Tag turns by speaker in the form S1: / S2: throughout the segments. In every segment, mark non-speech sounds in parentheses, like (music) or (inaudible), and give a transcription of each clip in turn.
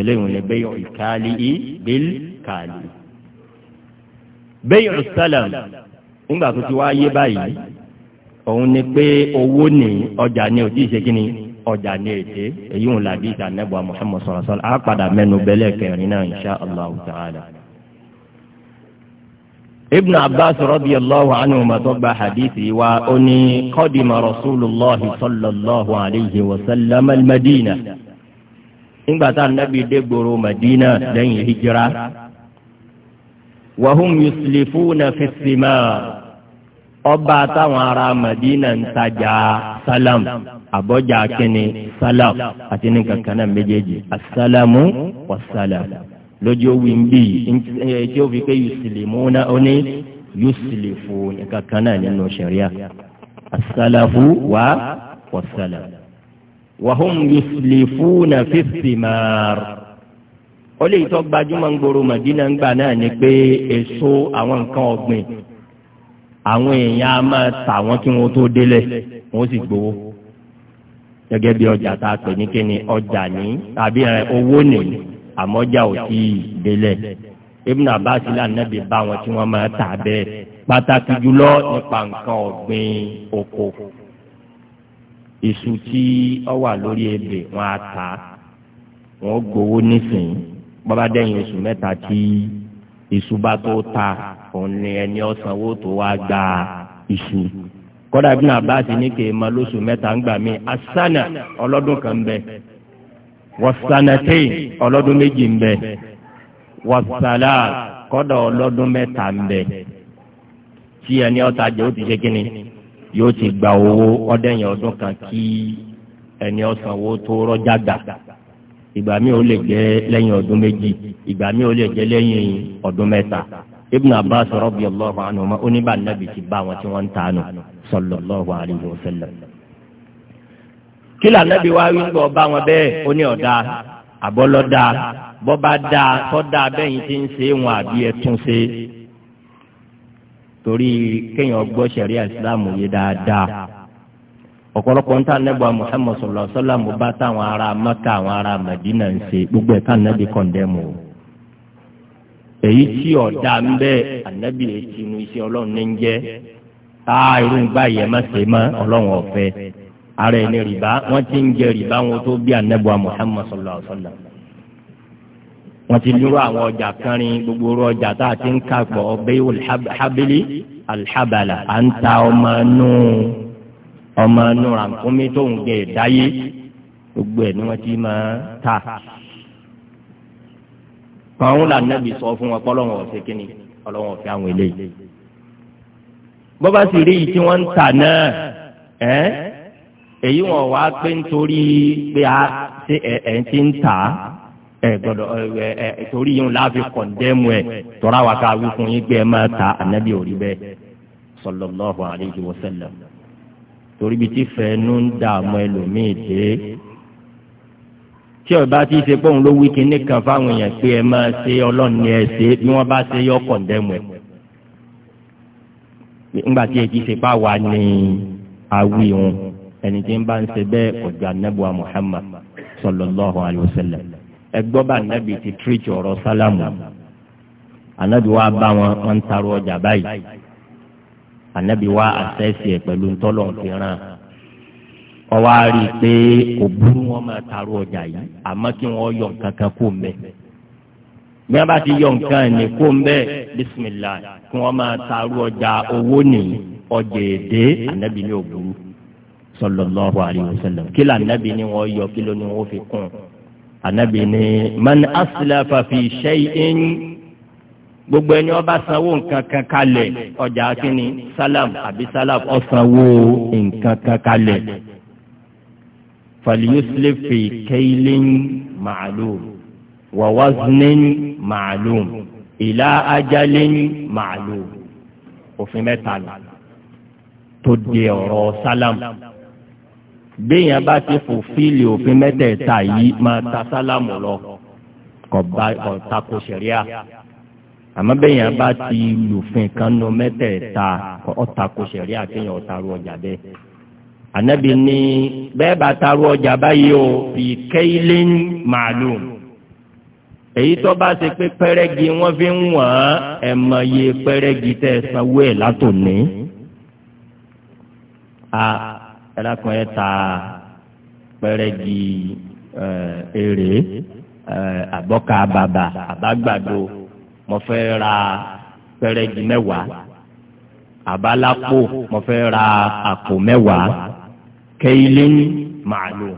S1: eléyìí ni bẹ́yọ̀ ìkàlì í bẹ́ẹ̀ kàlì. bẹ́yọ̀ sálàm nígbà tó ti wá yé báyìí òun ni pé owó ní ọjà ni ò tí ì ṣe kí ni ọjà ní èdè èyí ń làdí ìdánẹ́bọ̀ Muhammad sallallahu alaihi wasallam á padà mẹ́nu bẹ́lẹ̀ kẹrin náà insha Allah ta'ala. ابن عباس رضي الله عنه ما طبع حديثي وأني قدم رسول الله صلى الله عليه وسلم المدينة nígbà tá ànábì dé gbòòrò Madina lẹ́yìn hijira wahum yuslifuna fi sima ọba táwọn ará Madina ń tajà salam abọ́jà kínní salam àti ní kankan náà méjèèjì asalamu wasalam lójú owó ń bí tí ó fi pé yusulimuna ó ní kankan náà nínú sẹ̀ríà asalafu wa wasalam wàhùn yuslifuna fìsìmàr ó lè tọ́ gbajúmọ̀ ń gbòòrò Màdínà ńgbà náà ni pé èso àwọn nǹkan ọ̀gbìn àwọn èèyàn á máa tà wọ́n kí wọ́n tó délẹ̀ wọ́n sì gbowó gẹ́gẹ́ bí ọjà tá a pè ní kíni ọjà ní tàbí owó ní àmọ́jà ò tí ì délẹ̀ Ibn Abbas lànàbí bá wọn tí wọ́n máa tà bẹ́ẹ̀ pàtàkì jùlọ nípa nǹkan ọ̀gbìn oko. iṣu tí ọ wà lórí ebè wọn á ta wọn gbowó nísìnyí bàbá dẹ́yìn oṣù mẹta tí iṣu bá tó ta òun ni ẹni ọ̀sánwó tó wá gba iṣu kọ́dà bí náà bá ti ní kè ma lóṣù mẹ́ta ń gbà mí asánà ọlọ́dún kan bẹ wọ́sánàtẹ́yìn ọlọ́dún méjì ń bẹ wọ́sálà kọ́dà ọlọ́dún mẹ́ta ń tí ẹni ọ̀tajà ó ti yóò ti gba owó ọdẹyìn ọdún kan kí ẹni ọsànwó tó rọjá gbà ìgbà mi ò lè jẹ lẹyìn ọdún méjì ìgbà mi ò lè jẹ lẹyìn ọdún mẹta ibn abbas ti bá wọn tí wọn ń ta nù sallallahu alayhi kílà wá bá wọn ó ní tí ń torí kéèyàn gbọ́ sẹ̀ríà ìsìláàmù yé dáadáa ọ̀pọ̀lọpọ̀ níta nẹ́bà Muhammad sallallahu alaihi wasallam bá táwọn ará Mẹ́kà àwọn ará Mẹ́dínà ń ṣe gbogbo ẹ̀ka nẹ́bí kọ̀ndẹ́mù o èyí tí ọ̀dà ń bẹ́ ànábì etí inú iṣẹ́ ọlọ́run ní ń jẹ́ á irú ń báyìí ẹ má ṣe mọ́ ọlọ́run ọ̀fẹ́
S2: ara ẹni rìbá wọ́n ti ń jẹ rìbá wọn tó
S1: bí ànábì Muhammad sallallahu alaihi wọ́n ti dúró àwọn ọjà kẹrin gbogbo orú ọjà tá a ti ń kà pọ̀ bẹ́ẹ̀ olùhábìlì alhabala à ń ta ọmọ nù ọmọ nù rànkúnmí tó ń gẹ̀ dáyé gbogbo ẹ̀ ni wọ́n ti máa ta. kàwọn là nàbì sọ fún wọn pọ́lọ́wọ́n ọ̀sẹ̀ kínní ọlọ́wọ́n ọ̀fẹ́ àwọn eléyìí. bọ́bá sì rí yìí wọ́n ń tà náà èyí wọn wá pé nítorí pé a ṣe ẹ̀ ẹ̀ ti ń tà á ẹ gbọ́dọ̀ ẹ ẹ torí yìí ńlá fi kọ̀ndẹ́mù ẹ tọ́ra wa ká wí fún yín pé ẹ máa ta ànábì òrí bẹ́ẹ̀ sallallahu alayhi wa sallam torí bí ti fẹ́ nu ń dààmú ẹlòmíì dé tí ọba ti ṣe pé òun ló wí kinní kan fáwọn èèyàn pé ẹ máa ṣe ọlọ́run ni ẹ ṣe bí wọ́n bá ṣe yọ kọ̀ndẹ́mù ẹ ńgbàtí èyí ṣe bá wà ní awi wọn ẹni tí ń bá ń ṣe bẹ́ẹ̀ ọjà nẹ́bùa Muhammad sallallahu alayhi wa ẹgbọ́ bá nàbì ti tírìtì ọ̀rọ̀ sálámù ànábì wa bá wọn wọn ń tarọ ọjà báyìí ànábì wa àṣẹ́sì ẹ̀ pẹ̀lú ntọ́lọ̀ fìràn ọwọ́ á rí i pé kò burú wọn máa tarọ ọjà yìí àmọ́ kí wọ́n yọ nǹkan kan kó mbẹ́ bí wọ́n bá ti yọ nǹkan ní kó mbẹ́ bisimilá kí wọ́n máa tarọ ọjà owó nìyí ọjà èdè ànábì ní òbúrú sallallahu alaihi wasallam kí làǹdàbí ni wọ́n yọ kí ló ni wọ́n fi kún un anabi ni man aslafa fi shay'in gbogbo ẹni ọba sanwó nǹkan kan kalẹ̀ ọjà kínní salam àbí salaf ọsanwó nǹkan kan kalẹ̀ falyuslif fi kaylin ma'lum wa waznin ma'lum ìlà ajalin ma'lum òfin mẹ́ta tó de ọ̀rọ̀ salam. salam béèyàn bá ti fòfíìlì òfin mẹ́tẹ̀ẹ̀ta yìí máa ta sálámù lọ kọba ọ̀tako sẹ̀ríà
S2: àmọ́ béèyàn bá ti
S1: lòfin kan nu mẹ́tẹ̀ẹ̀ta ọ̀tako sẹ̀ríà kéèyàn ọ̀taru ọjà bẹ́ẹ̀. ànábì ní bẹ́ẹ̀ bá taru ọjà báyìí o fi kéílé màálùm èyí tó bá ṣe pé pẹ́rẹ́gì wọ́n fi ń wọ̀n ẹ̀ mọ̀ pẹ́rẹ́gì tẹ̀ sanwó ẹ̀ látòní ẹlẹ́kùn ẹ̀ ta pẹ́rẹ́gì èrè àbọ́ka bàbà àbágbàdo mo fẹ́ ra pẹ́rẹ́gì mẹ́wàá àbálápò mo fẹ́ ra àpò mẹ́wàá kẹ́ilẹ́yìn màálù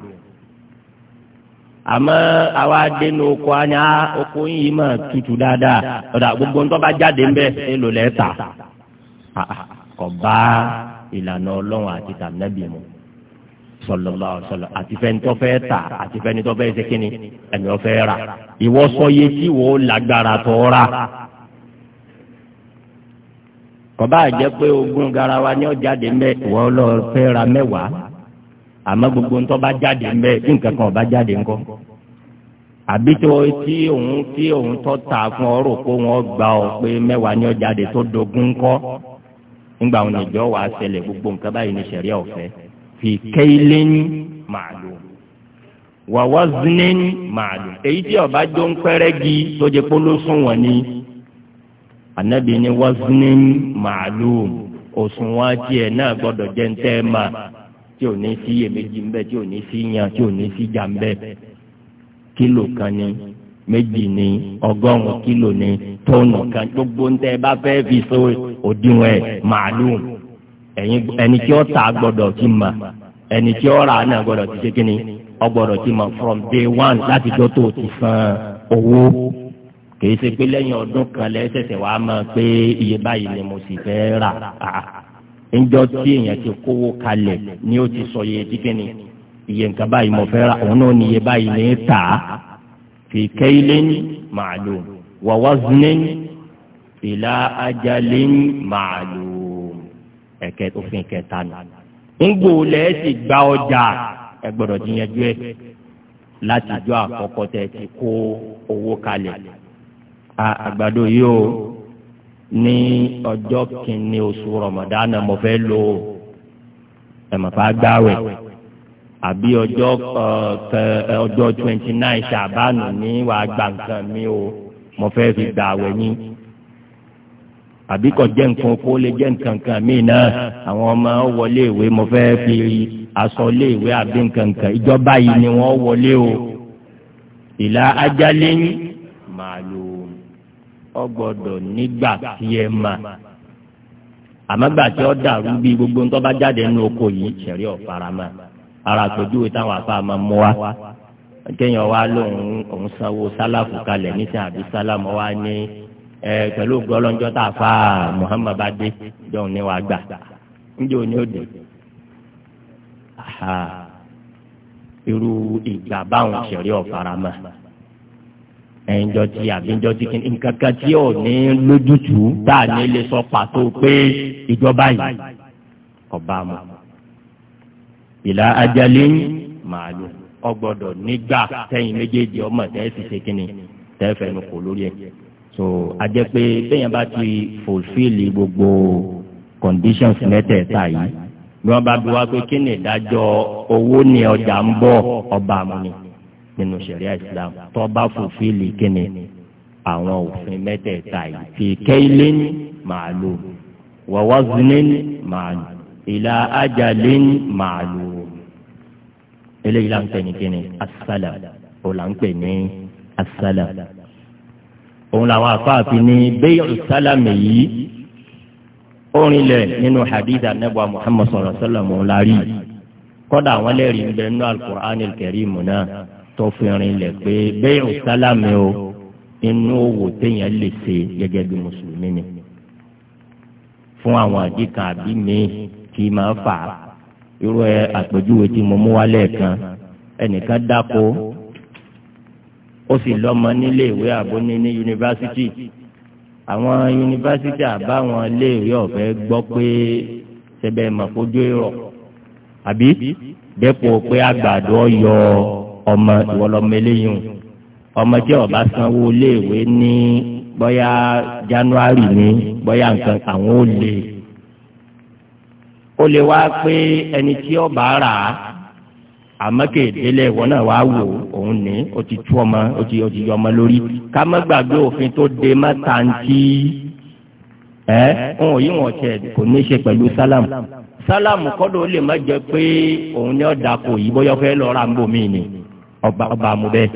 S1: àmọ́ àwa dénú oko anya oko yìí mà tutù dáadáa ọ̀dà gbogbo ń tọ́ bá jáde ń bẹ́ẹ̀ èlò lẹ́ẹ̀ta kọ̀ bá ìlànà ọlọ́run àti tànàbì mu sọlọlọ sọlọ àti fẹni tó fẹ́ tà àti fẹni tó fẹ́ ṣe kíni ẹni ó fẹ́ rà ìwọ sọ yé tí wò ó lágbára tó rà kọba àjẹ pé ogún garawa ni ó jáde mbẹ ìwọ lọ fẹ́ ra mẹ́wàá àmọ́ gbogbo ntọ́ bá jáde mbẹ nǹkan kan ọba jáde ńkọ́ àbí tí òun tí òun tọ́ ta fún ọ rò pé wọ́n gbà ọ pé mẹ́wàá ni ó tó dogun ńkọ́ ńgbà wọn ìjọ wà á ṣẹlẹ̀ gbogbo nǹkan báyìí ní sẹ̀ríà ọ̀fẹ́ fi kaylin ma'lum wa waznin ma'lum èyí tí ọba jó ń pẹ́rẹ́gì tó jẹ́ pé ló sùn wọ̀n ni anabi ni waznin ma'lum òṣùwọ̀n tiẹ̀ náà gbọ́dọ̀ jẹ́ ń tẹ́ ma tí ò ní sí iyèméjì ń bẹ tí ò ní sí yan tí ò ní sí jà ń bẹ kílò kan ni méjì ní ọgọ́rùn-ún kílò ní tóònù kan gbogbo ntẹ bá fẹ́ fi so òdiwọ̀n ẹni tí ó ta gbọ́dọ̀ ti mà ẹni tí ó rà náà gbọ́dọ̀ ti ṣe kínní ọ ti from day one láti tó tó ti san owó kì í ṣe pé lẹ́yìn ọdún kan lẹ́sẹ̀sẹ̀ wàá mọ̀ pé iye báyìí ni mo sì fẹ́ rà á tí ni ó ti sọ iye tí iye nǹkan báyìí mo fẹ́ rà fi kaylin ma'lum wa waznin ila ajalin ma'lum ẹ̀kẹ́ òfin kẹta nù. ńgbò lẹ́ẹ̀sì gba ọjà ẹ gbọ́dọ̀ ti yanjú ẹ̀ láti jọ àkọ́kọ́ tẹ̀ ti kó owó kalẹ̀. àgbàdo yìí o ní ọjọ́ kìíní oṣù Ramadan mo fẹ́ lò ẹ̀ gbáwẹ̀ àbí ọjọ́ ọjọ́ twenty nine ṣàbánu ní wàá gba nǹkan mi o mo fẹ́ fi gbà àwẹ̀ ní àbí kò jẹ́ nǹkan kó lè jẹ́ nǹkan kan míì náà àwọn ọmọ wọlé ìwé mo fẹ́ fi aṣọ lé ìwé àbí nǹkan kan ìjọba yìí ni wọ́n wọlé o ìlà ajálẹ̀ ń màlúù ọ gbọ́dọ̀ nígbà tí ẹ mà àmọ́ tí ọ dàrú bí gbogbo ń tọ́ bá jáde nínú oko yìí ṣẹ̀rí ọ̀farama ara àpèjúwe táwọn àfa máa mú wa kéèyàn wá lóun òun sanwó sálàfù kalẹ̀ nísìnyí àbí sálàmù wa ní ẹ pẹ̀lú gbọ́lọ́njọ́ tá a fa Muhammad bá dé jọ̀hún ni wàá gbà níjẹ́ òní òde irú ìgbà báwọn ṣẹ̀rí ọ̀farama ẹ̀ńjọ́ tí àbíjọ́ tí kìíní nǹkan kan tí ò ní lójútùú tá a ní lè sọ pàtó pé ìjọba yìí ọba mọ̀ ìlà ajalé màálù ọgbọ́dọ̀ nígbà tẹ̀yin méjèèjì ọmọ tẹ fi ṣe kínní tẹ fẹnu kò lórí ẹ so ajẹ pé bẹyẹn bá ti fulfil gbogbo conditions mẹ́tẹ̀ẹ̀ta yìí bí wọn bá bí wá pé kí ni ìdájọ́ owó ní ọjà ń bọ̀ ọba àmúni nínú ṣẹ̀ríà Islam tó bá fulfil kí àwọn òfin mẹ́tẹ̀ẹ̀ta yìí fi kaylin màálù wa waznin màálù ìlà ajalin ma'lum eléyìí là ń pè ní kíni asálà ò là ń pè ní asálà òun làwọn afáàfin ní bẹ́ẹ̀ sálàmì yìí orinlẹ̀ nínú hadith anabu muhammad sallallahu alaihi wa sallam òun la rí kọ́dà àwọn lẹ́rìí ń bẹ nínú alukur'an karim náà tó fi rinlẹ̀ pé bẹ́ẹ̀ sálàmì o inú owó téèyàn lè ṣe gẹ́gẹ́ bí mùsùlùmí ni fún àwọn àdìkan àbí mi tí máa fà á irú ẹ àpèjúwe tí mo mú wálé kan ẹnìkan dáko ó sì lọ́mọ nílé ìwé àbóní ní yunifásitì àwọn yunifásitì àbáwọn iléèwé ọ̀fẹ́ gbọ́ pé sẹ́bẹ̀ mọ̀kójú rọ̀ àbí dẹ́pọ̀ pé àgbàdo ọ̀yọ́ ọmọ ìwọlọmọ eléyìí ọmọ tí ọba sanwó iléèwé ní bóyá January ní bóyá nǹkan àwọn ò lè ó lè wá pé ẹni tí ó bá rà á àmọ́ kéèdélé ìwọ náà wá wò òun ní o ti tú ọmọ o ti o ti yọ ọmọ lórí ká má gbàgbé òfin tó de mẹ́ta ń tí ẹ ń yí wọn tẹ kò ní ṣe pẹ̀lú sálàmù sálàmù kọ́dọ̀ ó lè má jẹ pé òun ní ọ̀dà kò yí bóyá fẹ́ lọ ra ń bò ni ọba ọba mu bẹ́ẹ̀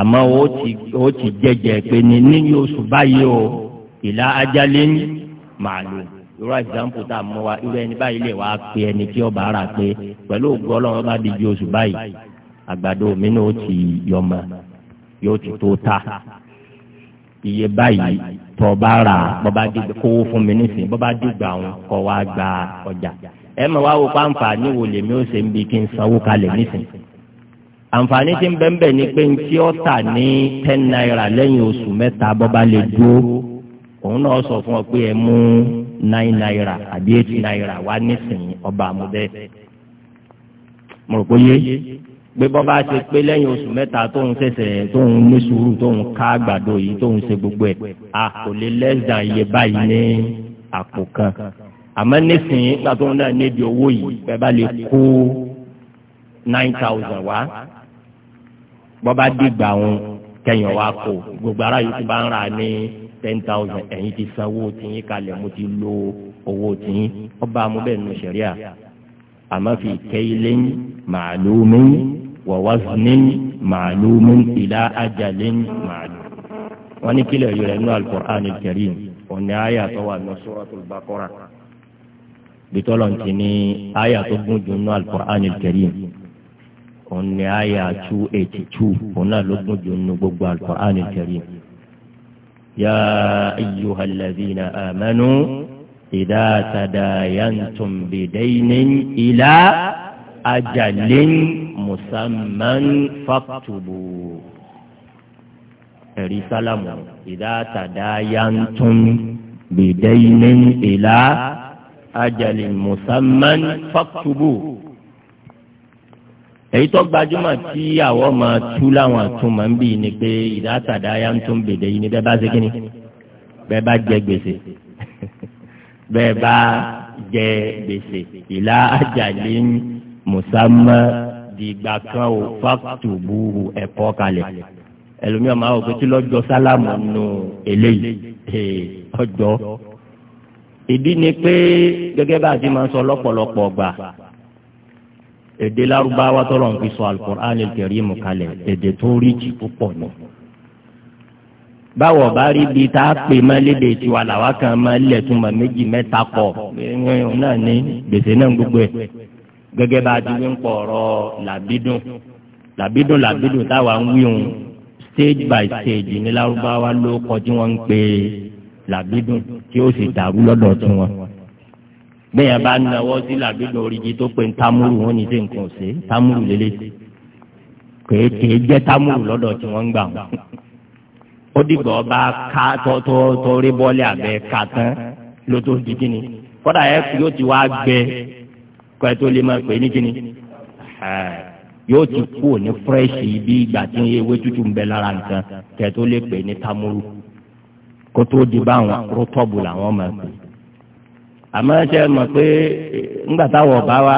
S1: àmọ́ o ti o ti jẹjẹ pé ní níyì báyìí o ìlà ajálẹ́ màálù irú àjàmpù tá a mú wa irú ẹni báyìí lè wá pe ẹni tí ọba ara pé pẹ̀lú ògùn ọlọ́run bá di ju oṣù báyìí àgbàdo mi náà ó ti yọmọ yóò ti tó ta iye báyìí tọ́ bá rà bọ́bá dìgbà kówó fún mi nísìnyí bọ́bá dìgbà òun kọ́ wa gba ọjà ẹ mọ̀ wá wo pàǹfààní wo lèmi ó ṣe ń bi kí n sanwó kalẹ̀ nísìnyí àǹfààní tí ń bẹ́ńbẹ́ ni pé tí ó tà ní ten naira lẹ́yìn oṣù mẹ́ta bọ́bá lè dúró òun náà sọ fún ọ pé ẹ mú nine naira àbí eight naira wá nísìnyí ọba àmúbẹ́. mo rò pé yé pé bọ́ bá ṣe pé lẹ́yìn oṣù mẹ́ta tóun ṣẹ̀ṣẹ̀ tóun ní sùúrù tóun ká àgbàdo yìí tóun ṣe gbogbo ẹ̀ a kò lè lẹ́sàn iye báyìí ní àpò kan àmọ́ nísìnyí nígbà tóun náà níbi owó yìí bẹ́ẹ̀ bá lè kó nine thousand wá bọ́ bá dìgbà òun kẹyìn wá kó gbogbo ara yìí tó bá ń rà ní ten thousand ẹ̀yin ti san owó tiyín kalẹ̀ mo ti lo owó tiyín ọba mo bẹ́ẹ̀ nu sẹ̀ríà àmọ́ fi kaylin ma'lumin wa waznin ma'lumin ila ajalin ma'lum.
S2: wọ́n ní kílẹ̀ yìí rẹ̀ nú al-Qur'an
S1: al-Karim òní àyà tó wà ní Suratul Baqara bitọlọ ti ni àyà tó gùn jù nú al-Qur'an òní àyà two eighty two òun náà jù nú gbogbo al-Qur'an يا أيها الذين آمنوا إذا تداينتم بدين إلى أجل مسمى فاكتبوا رسالة إذا تداينتم بدين إلى أجل مسمى فاكتبوه èyí tó gbajúmọ̀ tí àwọn ọmọ tú láwọn àtúmọ̀ ń bì ní pé ìdátàdá ya ń tún bèdè yìí ni bẹ́ẹ̀ bá ṣe kí ni bẹ́ẹ̀ bá jẹ gbèsè (laughs) bẹ́ẹ̀ bá jẹ gbèsè ìlà àjàlé mùsàmá dìgbà kan ò fàtúbù ẹ̀kọ́ kalẹ̀ ẹlòmíràn máa wò pé tí lọ́jọ́ sálámù nù eléyìí ọjọ́ ìdí ni pé gẹ́gẹ́ bá a ti máa sọ lọ́pọ̀lọpọ̀ gbà èdè lárúbáwá tọ́lọ̀ ń fi sọ alukur'an kẹrìmù kalẹ̀ èdè tó rí jì púpọ̀ nù. báwo bá rí bi tá a pè má léde tiwa làwa kan má lẹ̀ tún ma méjì mẹ́ta pọ̀ náà ní gbèsè náà gbogbo ẹ̀ gẹ́gẹ́ bá a ti wí ń pọ̀ ọ̀rọ̀ làbídùn làbídùn làbídùn táwa ń wí òun stage by stage ní lárúbáwá ló kọjú wọn ń pè làbídùn tí ó sì dàrú lọ́dọ̀ tí wọn bẹ́ẹ̀ bá náwó sí làbílò oríjì tó pe tamuru wọn ní dé nǹkan ọ̀sẹ̀ tamuru lélẹ̀ kéèké jẹ́ tamuru lọ́dọ̀ tí wọ́n ń gbà wọn. ó dìgbà ọba ká tọ́tọ́ rí bọ́ọ̀lì abẹ́ ká tán ló tó di kíni kọ́dà ẹ̀ yóò ti wá gbẹ kọ́ ẹ tó lè máa pè é ní kíni yóò ti kú ní fúrẹ́ṣì bí ìgbà tí ewé tútù ń bẹ lára nǹkan kẹ́ tó lè pè é ní tamuru kó tó di báwọn rótọ́bù làwọn máa pè é àmọ́ ṣe mọ̀ pé eh, ńgbà táwọn ọba wa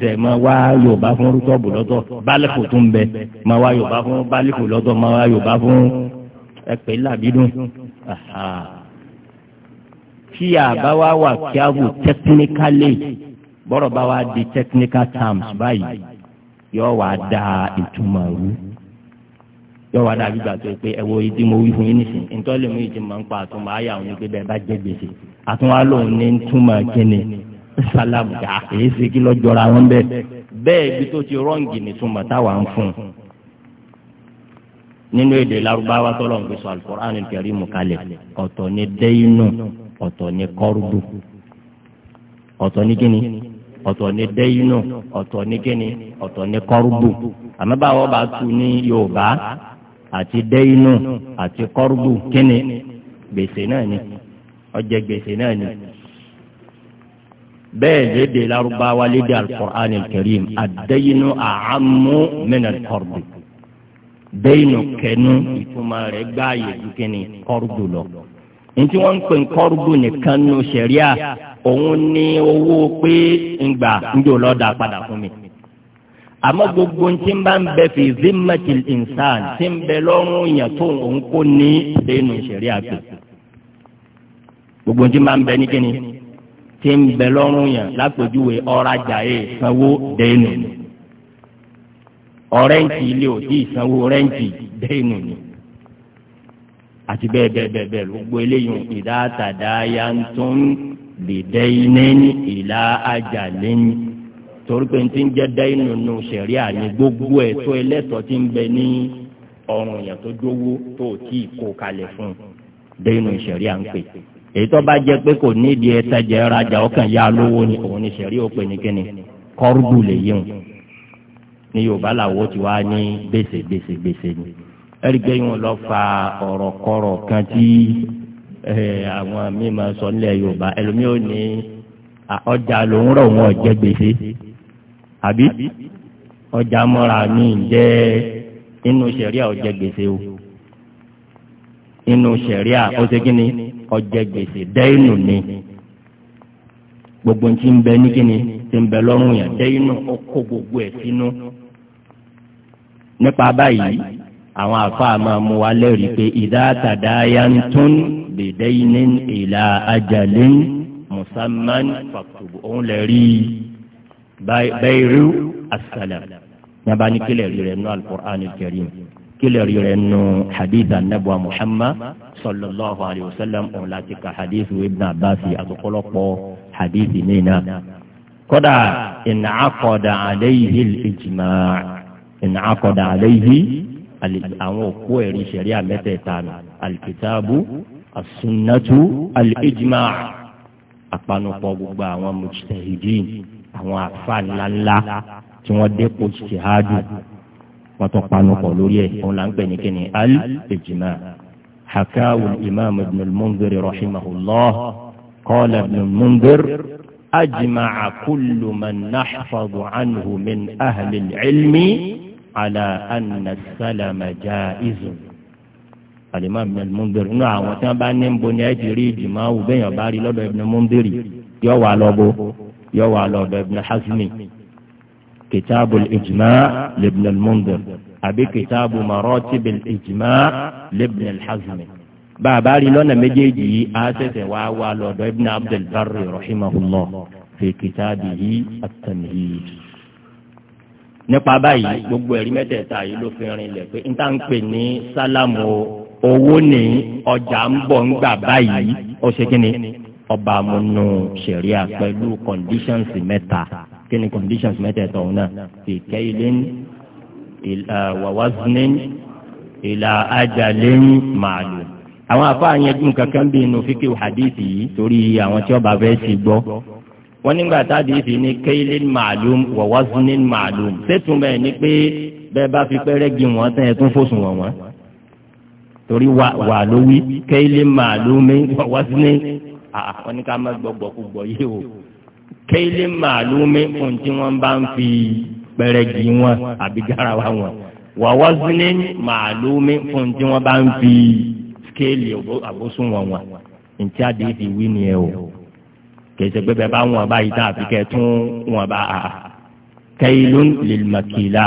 S1: ṣe mọ wá yorùbá fún rútọ́ọ̀bù lọ́tọ̀ bálẹ̀kù tún bẹ mọ wá yorùbá fún bálẹ̀kù lọ́tọ̀ mọ wá yorùbá fún ẹ̀pẹ́ làbídùn. kí àbá wa wà kí a wò technically bọ́rọ̀ bá wa di technical terms báyìí yóò wá da ìtumọ̀ rú yóò wá da gbígbà tó pé ẹ ìdí mo wí fún yín nísìnyí ntọ́ mú ìdí mọ̀ ń pa àtúmọ̀ ayé àwọn ìgbé bẹ́ẹ̀ bá jẹ́ gbèsè àtúnwá lòun ní túmọ̀ kíni sálàmù dá èyí sì kí lọ́jọ́ra wọn bẹ́ẹ̀ bẹ́ẹ̀ ibi tó ti rọ́ǹgì ní túmọ̀ táwa ń fún un nínú èdè Lárúbáwá tọ́lọ̀ ń gbèsò alukur'an kẹrìmù kalẹ̀ ọ̀tọ̀ ní dẹ́yìnù ọ̀tọ̀ ní kọ́rùdù ọ̀tọ̀ ní kíni ọ̀tọ̀ ní dẹ́yìnù ọ̀tọ̀ ní kíni ọ̀tọ̀ ní kọ́rùdù àmọ́ bá tu ní Yorùbá àti dẹ́yìnù àti kọ́rùdù kíni gbèsè náà ni ọjẹ gbèsè náà ni bẹ́ẹ̀ lédè Lárúbáwá lédè alukur'an kẹrìm àdéyinú àhámú mẹ́nà kọ́rbù déyinú kẹnu ìtumọ̀ rẹ̀ gbáàyè dúkìní kọ́rbù lọ. ntí wọ́n ń pè ń kọ́rbù nìkan nù sẹ̀ríà òun ní owó pé ngbà njó lọ́dà padà fún mi. àmọ́ gbogbo ntí bá ń bẹ fi zimmatil insan tí ń bẹ lọ́rùn yẹn òun kò ní déyinú sẹ̀ríà pè gbogbo ní ti máa ń bẹ ní kíni ti ń bẹ lọ́rùn yẹn lápèjúwe ọ̀rajà yìí sanwó dẹ́nu ọ̀rẹ́ǹtì ilé ò tí ì sanwó rẹ́ǹtì dẹ́nu ni àti bẹ́ẹ̀ bẹ́ẹ̀ bẹ́ẹ̀ bẹ́ẹ̀ gbogbo eléyìí ìdá àtàdá ya ń tún lè dẹ́ iná ní ìlà ajá lẹ́yìn torí pé ní ti ń jẹ́ dẹ́nu nù sẹ̀ríà ní gbogbo ẹ̀tọ́ ẹlẹ́tọ̀ọ́ ti ń bẹ ní ọrùn yẹn tó dówó tó tí ì kó kalẹ̀ fún dẹ́nu sẹ̀ríà ń pè èyí tó bá jẹ pé kò nídìí ẹtẹjẹ rajà ọkàn yá lówó ni òun ni sẹ̀rí òpè ní kíni kọ́rùbù lè yíwọn ní yorùbá làwọn ti wá ní gbèsè gbèsè gbèsè ni ẹ̀rí pé wọn lọ fa ọ̀rọ̀ kọ́rọ̀ kan tí àwọn míì máa sọ nílẹ̀ yorùbá ẹlòmíì ò ní ọjà lòún rọ̀ wọn jẹ gbèsè àbí ọjà mọ́ra ní ìjẹ́ inú sẹ̀ríà ọ̀jẹ̀ gbèsè o inú sẹ̀ríà ó ṣe kí ọjẹ gbèsè dẹ́yìnù ni gbogbo ti ń bẹ ní kíni ti ń bẹ lọ́rùn yẹn dẹ́yìnù ó kó gbogbo ẹ̀ sínú. nípa báyìí àwọn àfáà máa mú wa lẹ́rìí pé ìdáàtàdá yantun bìdẹ́yìnì ìlà ajalin musamman faktubu òun lè rí bẹ́ẹ̀rù asàlẹ̀ ní abánikílẹ̀ rí rẹ̀ nínú alukur'an kẹrin kílẹ̀ rí rẹ̀ nù hadith anabu muhammad sallallahu alayhi wa sallam òun láti ka hadith ibn abbas àtòkọ́lọ́pọ̀ hadith mìíràn. kódà ìnàkọ̀dà àléyìí ìjìmá ìnàkọ̀dà àléyìí àwọn òkú ẹ̀rí sẹ̀ríà mẹ́tẹ̀ẹ̀ta nù alikitaabu asunatu alijima àpanupọ̀ gbogbo àwọn mujtahidin àwọn afa ńláńlá tí wọ́n dépò ṣìhádùn. wọ́n tún panu lórí ẹ̀ òun là ń pè ní kíni al ejima hakawu imam ibn al-munzir rahimahullah qala ibn al ajima ajma kullu man nahfadu anhu min ahli ilmi ala anna salama ja jaizun alimam ibn al-munzir nínú àwọn tí wọ́n bá ní nbọ ní ẹjì rí ìjìmá wù bẹyàn bá rí lọ́dọ̀ ibn al-munzir yọ wà lọ́bọ́ yọ wà lọ́dọ̀ ibn hazmi. كتاب الإجماع لابن المنذر أبي كتاب مراتب الإجماع لابن الحزم باباري لنا مجيجي آسس وعوى ابن عبد البر رحمه الله في كتابه التمهيد nípa báyìí gbogbo ẹ̀rí mẹ́tẹ̀ẹ̀ta yìí ló fi rinlẹ̀ pé n ta ń pè ní sálámù owó ní ọjà ń bọ̀ ń gbà báyìí ó ṣe kí ni ọba amúnú ṣẹ̀ríà pẹ̀lú kọ̀ǹdíṣọ̀nsì mẹ́ta kí ni conditions mẹ́tẹ̀ẹ̀tọ̀ ọ̀hún náà fi kaylin wa waznin ila ajalin ma'lum àwọn afáà yẹn dùn kankan bí inú fíkì hadithi yìí torí àwọn tí ọba fẹ́ ti gbọ́ wọ́n nígbà táàdì fi ní kaylin ma'lum wa waznin ma'lum sétúmọ̀ ẹ̀ ni pé bẹ́ẹ̀ bá fi pẹ́rẹ́ gi wọ́n tán ẹ̀ tún fòsùn wọ̀n wọ́n torí wà ló wí kaylin ma'lum wa àwọn ní ká má gbọ́ gbọ́kú gbọ́ yìí o kéèlé màlúmi fún tí wọ́n bá ń fi pẹrẹgì wọn àbí garawa wọn wàwọ́síní màlúmi fún tí wọ́n bá ń fi kéèlì àbósùn wọn wọn ntí adé fi wí ni ẹ o kèsì pé bẹ́ẹ̀ bá wọn báyìí tá a fi wọn bá a kailun lilmakila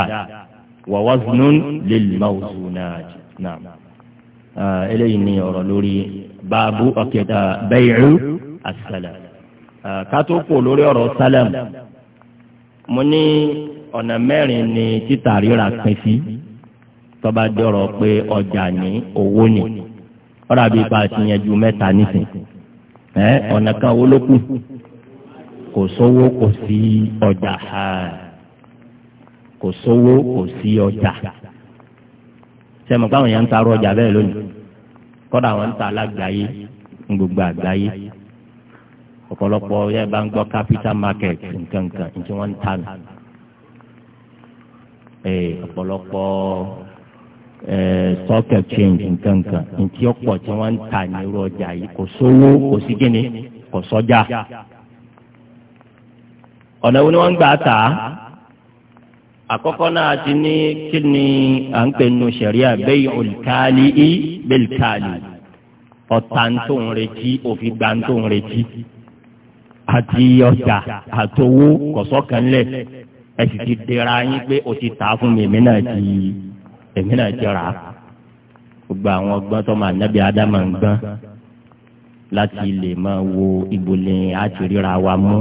S1: wa waznun lilmawzunat eléyìí ni ọ̀rọ̀ lórí baabu ọ̀kẹ́ta bẹ́ẹ̀rù asala. kátó kò lórí ọ̀rọ̀ sálẹ̀m mo ní ọ̀nà mẹ́rin ni títà ríra pín sí tọ́ba dọ̀rọ̀ pé ọjà ní owó ni ọ̀rọ̀ àbí ipa ti yẹn ju mẹ́ta nísìn
S2: ẹ ọ̀nà kan owó ló kù
S1: kò sí ọjà kò sówó kò sí ọjà sẹ́mi káwọn yẹn ń ta ọjà bẹ́ẹ̀ lónìí kọ́dà wọn ń ta alágbàáyé ń ọ̀pọ̀lọpọ̀ yẹn bá ń gbọ́ capital market nǹkan nǹkan nǹkan wọ́n ń tà nù. ọ̀pọ̀lọpọ̀ stock exchange nǹkan nǹkan nǹkan ọ̀pọ̀ tí wọ́n ń tà ní irú ọjà yìí kò sówó kò sí kíni kò sọ́jà. ọ̀nà wo ni wọ́n ń gbà tà á? náà ti ní kí ni à ń pè nu sẹ̀ríà bẹ́ẹ̀ olùkálí í bẹ́ẹ̀ olùkálí ọ̀tá ń retí òfin gbà ń retí. àti ọjà àtowó kọ̀sọ́kànlẹ̀
S2: ẹ sì ti dira yín
S1: o ti tà fún mi èmi náà ti èmi náà ti rà á gbogbo àwọn ọgbọ́n tó máa ma ń gbọ́n láti lè wo ìbòlè wa mú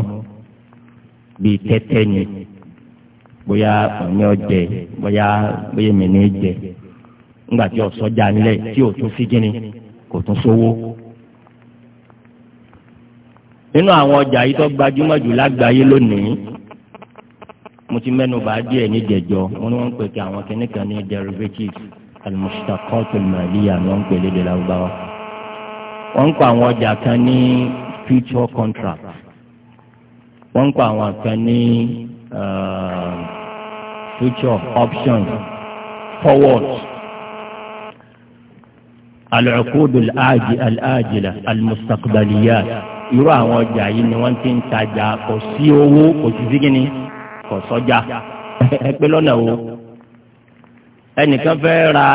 S1: bíi tẹ́tẹ́ ni bóyá òní ọjẹ bóyá bóyá èmi ní jẹ tí ọ̀sọ́jà ńlẹ̀ tí nínú àwọn ọjà yìí tó gbajúmọ̀ jù lágbàáyé lónìí mo ti mẹ́nu bá díẹ̀ ní jẹjọ wọn ni wọ́n ń pè kí àwọn kìnnì kan ní derivatives al-mushtaqat al-maliya ni wọ́n ń pè lédè lárúbáwá wọ́n ń pa àwọn ọjà kan ní future contract wọ́n ń pa àwọn kan ní uh, future options forward al-uqud al-ajila al-mustaqbaliyat irú àwọn ọjà yìí ni wọ́n ti ń tajà kò sí owó kò sí sí kíni kò sọ́jà ẹ pé lọ́nà o ẹnìkan fẹ́ ra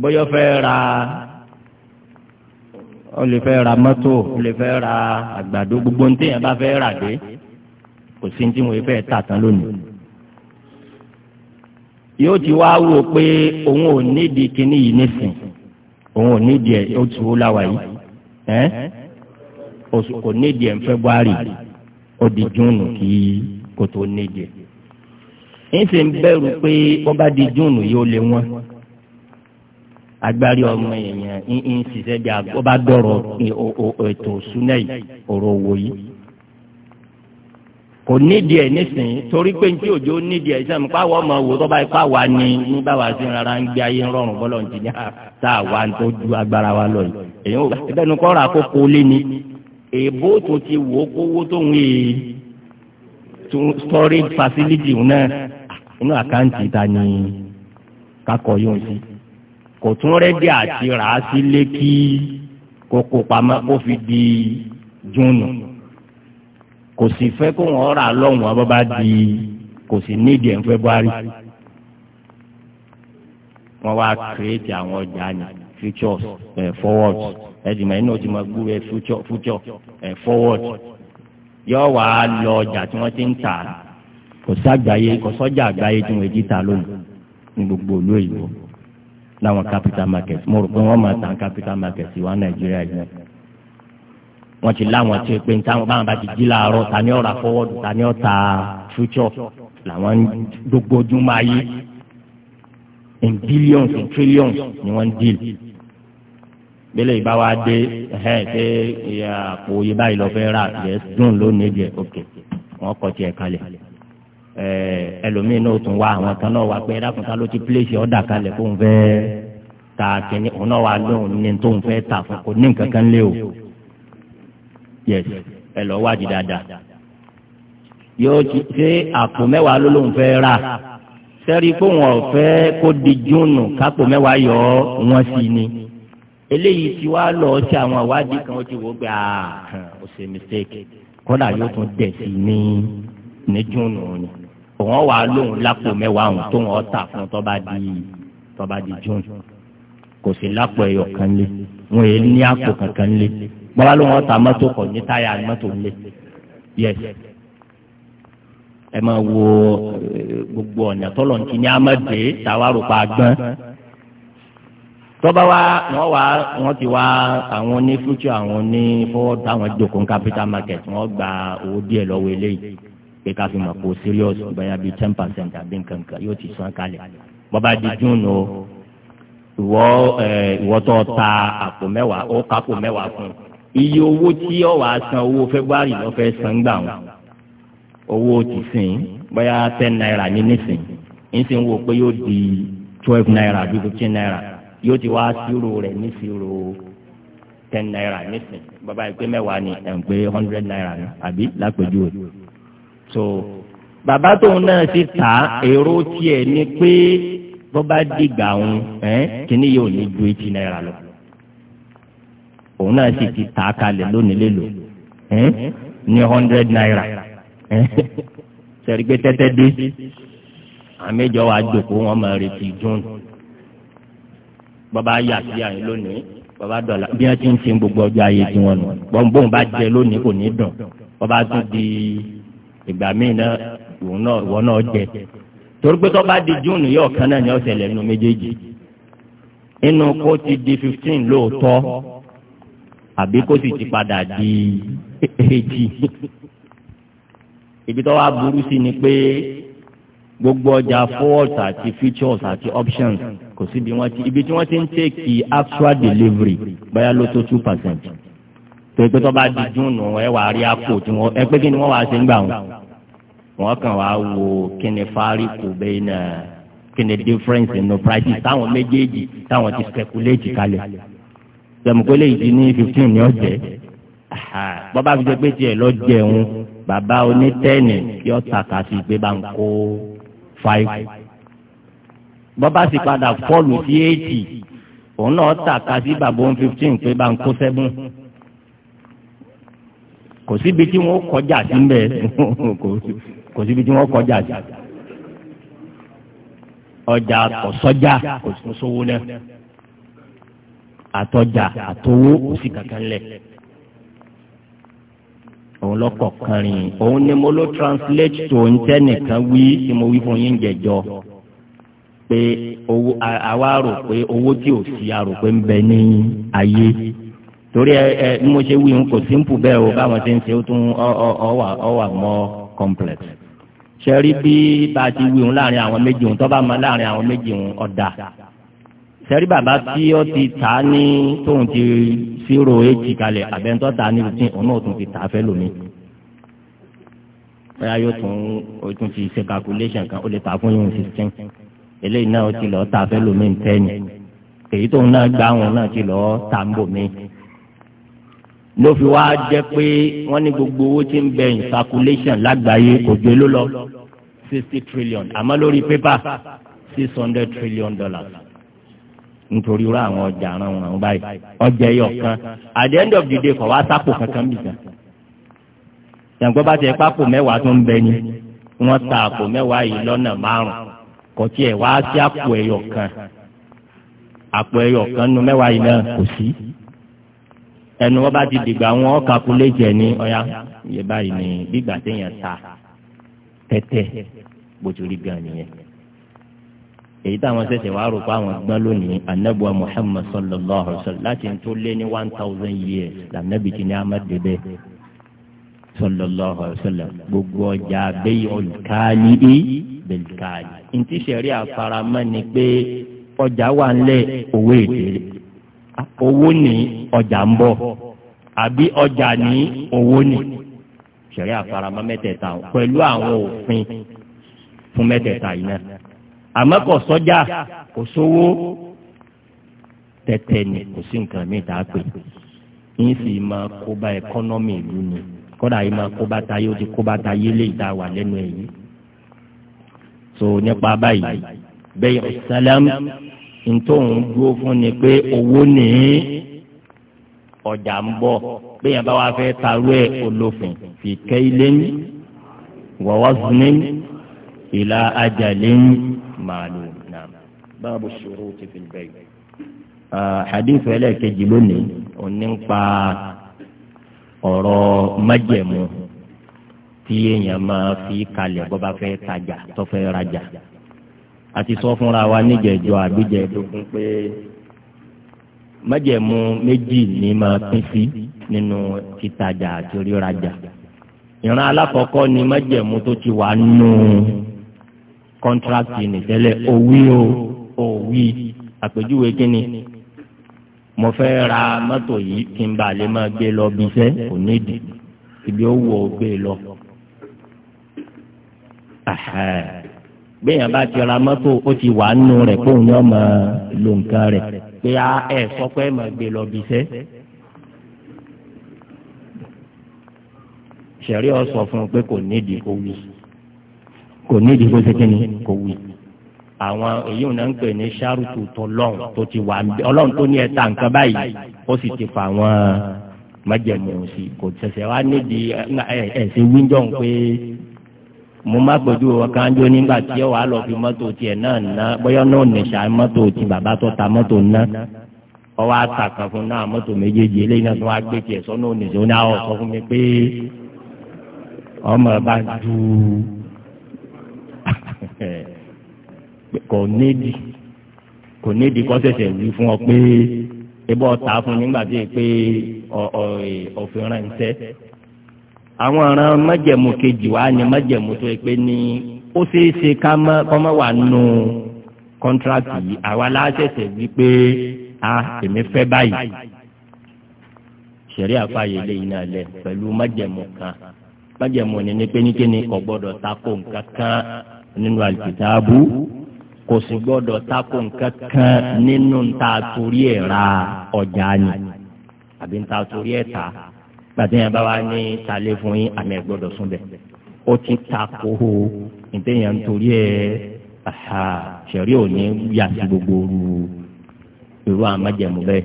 S1: bóyá fẹ́ ra ó lè fẹ́ ra mọ́tò ó lè fẹ́ ra àgbàdo gbogbo ní téèyàn bá fẹ́ rà dé kò sí tí wọ́n fẹ́ tà tán lónìí yóò ti wá wò pé òun ò nídìí kinní yìí nísìnyí òun ò nídìí ẹ̀ ó ti wó láwa yìí ẹ́ oṣù kò nídìí ẹ̀ ń fẹ́búárì ó di júùnù kí kò tó nídìí ẹ̀. ń sì ń bẹ̀rù pé ó bá di júùnù yìí ó lé wọn agbárí ọmọ èèyàn ń ṣiṣẹ́ bí ó bá dọ̀rọ̀ ètò òṣùnà yìí ọ̀rọ̀ òwò yìí kò nídìí ẹ̀ nísìnyí torí pé ní òjò nídìí ẹ̀ sẹ́mi pàwọ́ ọmọ wò tó bá ipá ni ní báwa sí rárá ń gbé ayé rọrùn bọ́lọ̀ ní ìyá tá a wà tó ju agbára wa lọ yìí èyàn ò bẹ́ẹ̀ ni kọ́ ra kókó lé ní èbó tó ti wò ó kówó tó ń yé tún storage facility náà inú àkáǹtì ta ni kakọ yóò sí kò tún rẹ́dí àti rà á sílé kí kókó pamọ́ kó fi di júnù kò sì fẹ́ kó wọn rà lọ́hùn wọn bá di kò sì nídìí ẹ̀ ń fẹ́ buhari wọn wá kírètì àwọn ọjà ni futures ẹ forward ẹdìmọ̀ ẹ̀ náà ti máa gbúrò future ẹ forward yọ wá lọ ọjà tí wọ́n ti ń tà kò sàgbáyé kò sọ́jà àgbáyé tí wọ́n ti tà lónìí ní gbogbo olú èyí láwọn capital market mo rò pé wọ́n máa tàn capital market sí wa nàìjíríà yìí wọ́n ti láwọn tí pé táwọn báwọn bá ti jí láàárọ̀ ta ni ọ̀rà fọwọ́dù ta ni ọ̀tà future làwọn gbogbo ojúmọ́ ayé in billions in trillions ni wọ́n ń deal bẹ́lẹ̀ ìbá wa dé ẹ̀ pé àpò oyè báyìí lọ́ọ́ rà yẹ dùn lónìí jẹ ok wọ́n kọ́ tiẹ̀ kalẹ̀ ẹlòmíín náà tún wá àwọn kan náà wá pé ẹ̀dákùnrin ta ló ti pílẹ̀sì ọ̀dà kalẹ̀ kó ń fẹ́ ta kẹ́ni òun náà wá lóun ní tóun fẹ́ ta fún kò ní nǹkan kan lé o yes ẹ lọ wádìí dáadáa yóò ti ṣe àpò mẹ́wàá ló lóun fẹ́ rà sẹ́rí pé wọn ò fẹ́ kó di júùnù kápò mẹ́wàá yọ wọn sí ni eléyìí tí wàá lọ sí àwọn ìwádìí kan ó ti wò gbà ó ṣe mistake kódà yóò tún dẹ̀ sí ní ní júùnù ni òun wàá lóun lápò mẹ́wàá òun tó wọn tà fún tọ́ba di tọ́ba di júùnù kò sí lápò ẹ̀yọ̀ kan lé wọn èé ní àpò kankan lé
S2: bàbá ló wọn ta mọ́tò kọ̀
S1: ní táyà mọ́tò ńlẹ̀ yẹ ẹ máa wo eh, gbogbo ọ̀nà tọ́lọ̀ ní ní amadé tàwárò pa gbọ́n tọ́ba wa wọ́n wá wọ́n ti wá àwọn ní future àwọn ní fọwọ́ táwọn jòkó capital market wọ́n gba owó díẹ̀ lọ́wọ́ eléyìí pé ká fi mọ̀ kó serious bóyá bíi ten percent àbí nǹkan kan yóò ti san kalẹ̀ bọ́ba di june o ìwọ ẹ eh, ìwọ tó ta àpò mẹ́wàá ó kápò mẹ́wàá fún un iye owó tí ó wàá san owó february ló fẹ́ san gbà wọn owó ti sìn bóyá ten naira ní nísìn ń sìn wò pé yóò di twelve naira bí fifteen naira yóò ti wá ṣírò rẹ̀ ní ṣírò ten naira nísìn bàbá yìí pé mẹ́wàá ni ẹ̀ ń pé hundred naira ni àbí lápèjúwe so bàbá tóun náà ti ta èrò tiẹ̀ ni pé bọ́bá dìgbà òun ẹ̀ kíní yóò ní ju eighty naira lọ òun náà sì ti tà á kalẹ̀ lónìí lélo ní hundred naira sẹ̀rígbé tẹ́tẹ́ dé àmẹ́jọ wa jòkó wọn máa retí june bàbá yà sí àyìn lónìí bàbá dọ̀là bí wọ́n ti ń sin gbogbo ọjọ́ ayé tí wọ́n nù bọ́ńbọ́n bá jẹ lónìí kò ní dùn bàbá tún di ìgbà míì náà ìwọ náà jẹ torí pé tó di june yóò kan náà ní ọ̀sẹ̀ lẹ́nu méjèèjì inú kó ti di fifteen lóòótọ́ àbí kó sì ti padà di èjì ibi tó wá burú sí ni pé gbogbo ọjà forwards àti features àti options kò sí bí wọ́n ti ibi tí wọ́n ti ń tèkì actual delivery bóyá ló tó two percent pé pé tó bá di júùnù ẹ wà á rí àpò tí wọ́n ẹ pé kí ni wọ́n wá ṣe ń gbà wọn wọ́n kàn wá wo kí ni fárí kò bẹ́ẹ̀ náà kí difference nínú prices táwọn méjèèjì táwọn ti speculate kalẹ̀ jẹmukọlẹ yìí ti ní fifteen ní ọjẹ bọba fi jẹ pé tiẹ lọ jẹun bàbá oní tẹnì yọ tàkà sí pé bá ń kó five bọba sì padà fọlù sí eighty òun náà tàkà sí bàbá oní fifteen pé bá ń kó seven kò síbi tí wọn kọjá sí mbẹ (laughs) kò síbi tí wọn kọjá sí ọjà kò sọjà kò sówó náà àtọjà àtowó kò sí kankan lẹ̀ òun lọkọ kẹrin òun ni mo ló translate to ń tẹnìkan wí tí mo wí fún yín jẹjọ pé owó àwa rò pé owó tí ò sí a rò pé ń bẹ ní ayé torí ẹ ẹ mo ṣe wí n kò símpù bẹ́ẹ̀ o báwọn ṣe ń ṣe ó tún ọwà ọwà mọ́ complex ṣe rí bí bá a ti wí òun láàrin àwọn méjì òun tó bá mọ láàrin àwọn méjì òun ọ̀dà sẹ́rí bàbá tí ó ti tà ní tóun ti zero eighty kalẹ̀ àbẹ̀ntọ́ tà ní fifteen òun náà tún ti tà fẹ́ lómi bóyá yóò tún o tún ti ṣe calculation kan o lè tà fún yóò sixteen eléyìí náà o ti lọ tà fẹ́ lómi ten èyí tóun náà gbà wọn náà ti lọ tà ń bò ló fi wá jẹ́ pé wọ́n ní gbogbo owó tí ń bẹ in circulation lágbàáyé òjò ló lọ sixty trillion àmọ́ lórí pépà six hundred trillion dollars nítorí irú àwọn ọjà àrùn àwọn báyìí ọjà ẹyọ kan at the end of the day kọ̀ wá sápò kankan bìkan yàgbọ́n bá tẹ pápò mẹ́wàá tó ń bẹ ni wọ́n ta àpò mẹ́wàá yìí lọ́nà márùn kò tiẹ̀ wá sí àpò ẹyọ kan àpò ẹyọ kan nu mẹ́wàá yìí náà kò sí ẹnu wọn bá ti dìgbà wọn kakuléjì ẹ ní ọyá yẹ báyìí ní gbígbà téèyàn ta tẹ́tẹ́ bó ti gan nìyẹn èyí táwọn ṣẹ̀ṣẹ̀ wàá rò pé àwọn gbọ́n lónìí anabuwa muhammad sallallahu alaihi wa sallam láti tó lé ní one thousand years lànàbì tí ní amadu bẹ́ sallallahu alaihi wa sallam gbogbo ọjà bẹ́yì olùkàlì í bẹ̀lùkàlì. ntí sẹ̀rí àfaramọ́ ni pé ọjà wà ńlẹ̀ owó èdè owó ní ọjà ń bọ̀ àbí ọjà ní owó ní sẹ̀rí àfaramọ́ mẹ́tẹ̀ẹ̀ta pẹ̀lú àwọn òfin fún mẹ́tẹ̀ẹ̀ta yìí náà àmọ́ kò sọ́jà kò sówó tẹ́tẹ́ ni kò sí nǹkan mi tá a pè yín sì máa kó bá ẹkọ́nọ́mì ìlú ni kódà yìí máa kó bá tayé ó ti kó bá tayé lè dá wà lẹ́nu ẹ̀ so nípa báyìí bẹ́ẹ̀ ọ̀sálàm ntòun dúró fún ni pé owó ní ọjà ń bọ̀ bẹ́ẹ̀ yẹn bá wá fẹ́ tarú ẹ̀ olófin fi kẹ́ ilé ní wọ́wọ́ sí ní ìlà ajá lé معلوم نعم باب الشروط في البيع آه حديث لك جلوني وننقى ọ̀rọ̀ májẹ̀mú tí èèyàn máa fi kalẹ̀ bó bá fẹ́ tajà tó fẹ́ rajà àti sọ fúnra wa níjẹ̀jọ àbíjẹ̀dógún pé májẹ̀mú méjì ní máa pín sí nínú títajà àti rírajà ìran alákọ̀ọ́kọ́ ni májẹ̀mú tó ti wà nù kọ́ńtrákì nìtẹ́lẹ̀ òwí o òwí àpèjúwe kínni mo fẹ́ ra mọ́tò yìí kí n bá lè máa gbé lọ bí iṣẹ́ kò nídìí ibi ó wọ̀ ó gbé lọ. gbẹ̀yìn bá ti ra mọ́tò ó ti wà nù rẹ̀ kó ní ọmọ lo nǹkan rẹ̀ pé a ẹ̀ sọ pé máa gbé lọ bí iṣẹ́. sẹ̀rí ọ sọ fún un pé kò nídìí kó wí kò ní ìdíkó sékìní kò wí àwọn èyí ò náà ń pè ní sáàrùtù tọlọ́hún tó ti wà ọlọ́run tó ní ẹ̀ta nǹkan báyìí ó sì ti fa àwọn májẹ̀mú sí kò ṣẹ̀ṣẹ̀ wá nídìí ẹ̀sìn wíńdọ̀ pé mo má gbójú ọ̀kanjọ́ nígbà tí ẹ wàá lọ fi mọ́tò tiẹ̀ náà ná bóyá náà nìṣà mọ́tò ti bàbá tó ta mọ́tò ná ọwọ́ àtàkàn fún náà mọ́tò méjèèjì eléyìí náà tó wá gbé tiẹ̀ sọ́nà òníṣẹ́ ó ní àwọn ọ̀sọ́ fún mi pé ọmọ bá dùn kò nídìí kò nídìí kọ́ ṣẹ̀ṣẹ̀ wí fún ọ pé ebọ́ ta fún nígbà tí pé ọ̀fìn rẹ̀ ń tẹ́ àwọn ọ̀ràn májẹ̀mú kejì wá ní májẹ̀mú tó pé ní ó ṣeé ṣe ká mọ́ wà nù kọ́ńtrákì yìí àwa láṣẹ̀ṣẹ̀ wí pé a èmi fẹ́ báyìí sẹ̀rí àfààyè lẹ́yìn náà lẹ̀ pẹ̀lú májẹ̀mú kan májẹ̀mú ni ní pé ní kíni kò gbọ́dọ̀ ta kó nǹkan kan nínú àlùkìtàbù kò sì gbọ́dọ̀ tako nǹkan kan nínú ta torí ẹ̀ ra ọjà ni àbí ta torí ẹ̀ ta gbàtí yẹn bá wà ní talé fún yín àmì ẹ̀ gbọ́dọ̀ sún bẹ̀ ó ti tako ìtẹ̀yẹ̀ nítorí ẹ̀ ṣẹ̀rí ò ní yà sí gbogbo ooru irú àmájẹ̀mú bẹ́ẹ̀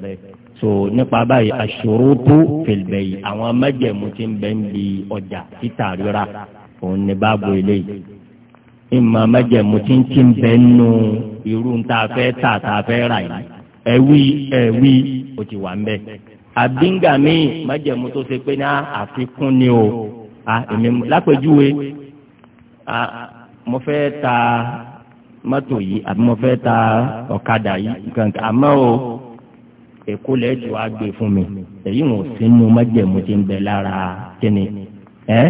S1: so nípa báyìí aṣurutu fil bay àwọn àmájẹ̀mú ti ń bẹ́ẹ̀ ń bi ọjà títà ríra òun ni báàbò eléyìí ìmọ̀ àmẹ́jẹ̀mú tí ń tí ń bẹ nù irú tá a fẹ́ tà tá a fẹ́ rà yìí ẹ̀wí ẹ̀wí ó ti wà ń bẹ. àbíǹgà míì májẹ̀mú tó ṣe pé ní àfikún ni o èmi lápèjúwe mo fẹ́ ta mọ́tò yìí àbí mo fẹ́ ta ọ̀kadà yìí kankan àmọ́ o èkó lẹ́yìn tí wàá gbé fún mi èyí wọn ò sínú májẹ̀mú tí ń bẹ lára kíni Eh?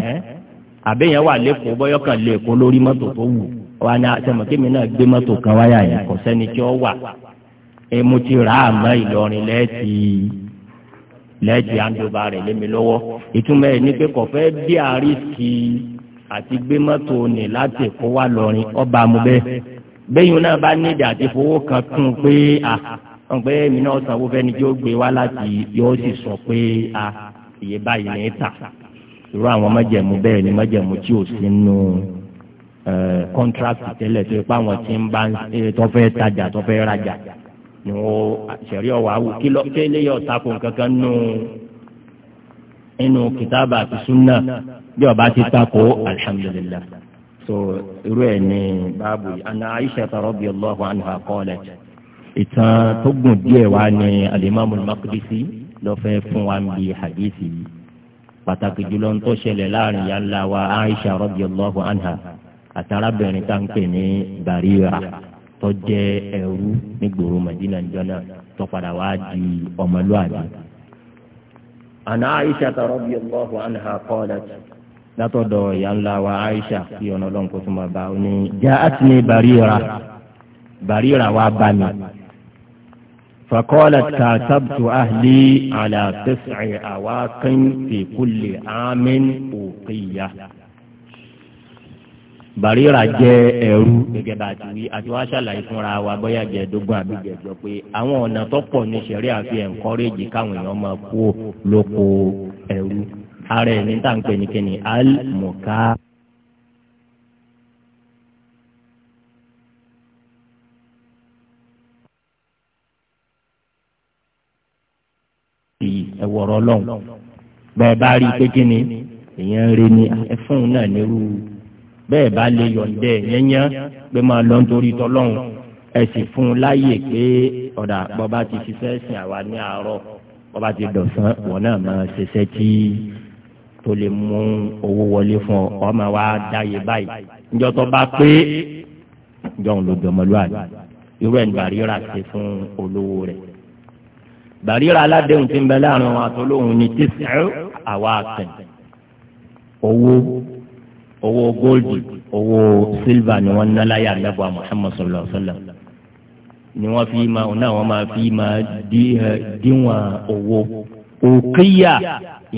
S1: àbẹ́yẹn wà lẹ́kọ̀ọ́ bọ́yọ́ kan lẹ́kọ̀ọ́ lórí mọ́tò tó wù wá ní àtẹ̀mọ̀kémi ah, náà gbé mọ́tò kan wáyà yìí kò sẹ́ni tí ó wà ẹ mo ti rà á mọ́ Ìlọrin lẹ́ẹ̀tì lẹ́ẹ̀tì àǹdọ̀bà rẹ̀ lémi lọ́wọ́ ìtumọ̀ ẹ̀ ní pé kò fẹ́ bí àrísì àti gbé mọ́tò ní láti kó wá lọ́rin ọba mu bẹ́ẹ̀ bẹ́yìn náà bá nídìí àti fowó kan kún pé à ń pẹ́ mi náà sanwó fẹ́ni tí ó gbé wá láti yóò sì sọ pé à ah, iye báyìí ní í irú àwọn májẹ̀mú bẹ́ẹ̀ ni májẹ̀mú tí ò sí nù kọ́ńtrákì tẹ́lẹ̀ tó ipá wọn ti ń bá tó fẹ́ tajà tó fẹ́ rajà ni wọ́n sẹ̀rí ọ̀wá wò kí lọ́kẹ́lẹ́ yọ̀ tako kankan nù inú kìtàbà àti súnà bí ọba ti tako alhamdulillah so irú ẹ̀ ní báàbù ana aisha radiyallahu anha qalat ìtàn tó gùn díẹ̀ wá ní alimami makidisi lọ́fẹ́ fún wa ń bi hadisi yìí pàtàkì jùlọ ń tó ṣẹlẹ̀ láàrin ìyá ńlá wa aisha radiyallahu anha àtàràbìnrin tá ń pè ní barira tó jẹ́ ẹrú nígboro madina jọ́nà tó padà wá di ọmọlúwàbí. àná aisha radiyallahu anha qalat látọ̀dọ̀ ìyá ńlá wa aisha kí ọ̀nà ọlọ́run kó tún bàbá ó ní ja'atni barira
S2: barira wa bá mi.
S1: فقالت كاتبت أهلي على تسع أواق في كل عام أوقية Bàrírà jẹ́ ẹrú gẹ́gẹ́ bá ti wí àti wáá ṣàlàyé fúnra wa bóyá jẹ̀ẹ́dógún àbí jẹ̀ẹ́jọ pé àwọn ọ̀nà tó pọ̀ ní ṣẹ̀rí àfi ẹ̀ńkọ́rẹ́jì káwọn èèyàn máa kú lóko ẹrú. Ara ẹ̀ ní tàǹpẹ̀ ní kíni al-mukah. ẹ̀wọ̀rọ̀ lọ́hùn bẹ́ẹ̀ bá rí i pé kí ni èèyàn ń re ni ẹ̀fún náà nírú bẹ́ẹ̀ bá lè yọ̀ǹdẹ̀ yẹ́nyẹ́ pé máa lọ nítorí tọ́lọ́hùn ẹ sì fún un láàyè pé ọ̀dà bọ́ba ti ṣiṣẹ́ sìn àwa ní àárọ̀ bọ́ba ti dọ̀sán wọn náà máa ṣiṣẹ́ tí tó lè mú owó wọlé fún ọ ọ máa wá dáyé báyìí níjọ́ tó bá pé jọ̀hún ló dọ̀mọ́lúwàdì irú ẹ̀ ń bàrí rà sí fún olówó rẹ̀ bàríra aládéhùn ti ń bẹ láàrin wọn àtọlóhùn ní tíṣẹ́ àwa àtẹ̀ owó owó góòlù owó sílvà ni wọ́n ná láyà lẹ́bùn Muhammad sallallahu alaihi wasallam ni wọ́n fi máa ọ̀nà àwọn máa fi máa díwọ̀n owó òkèèyà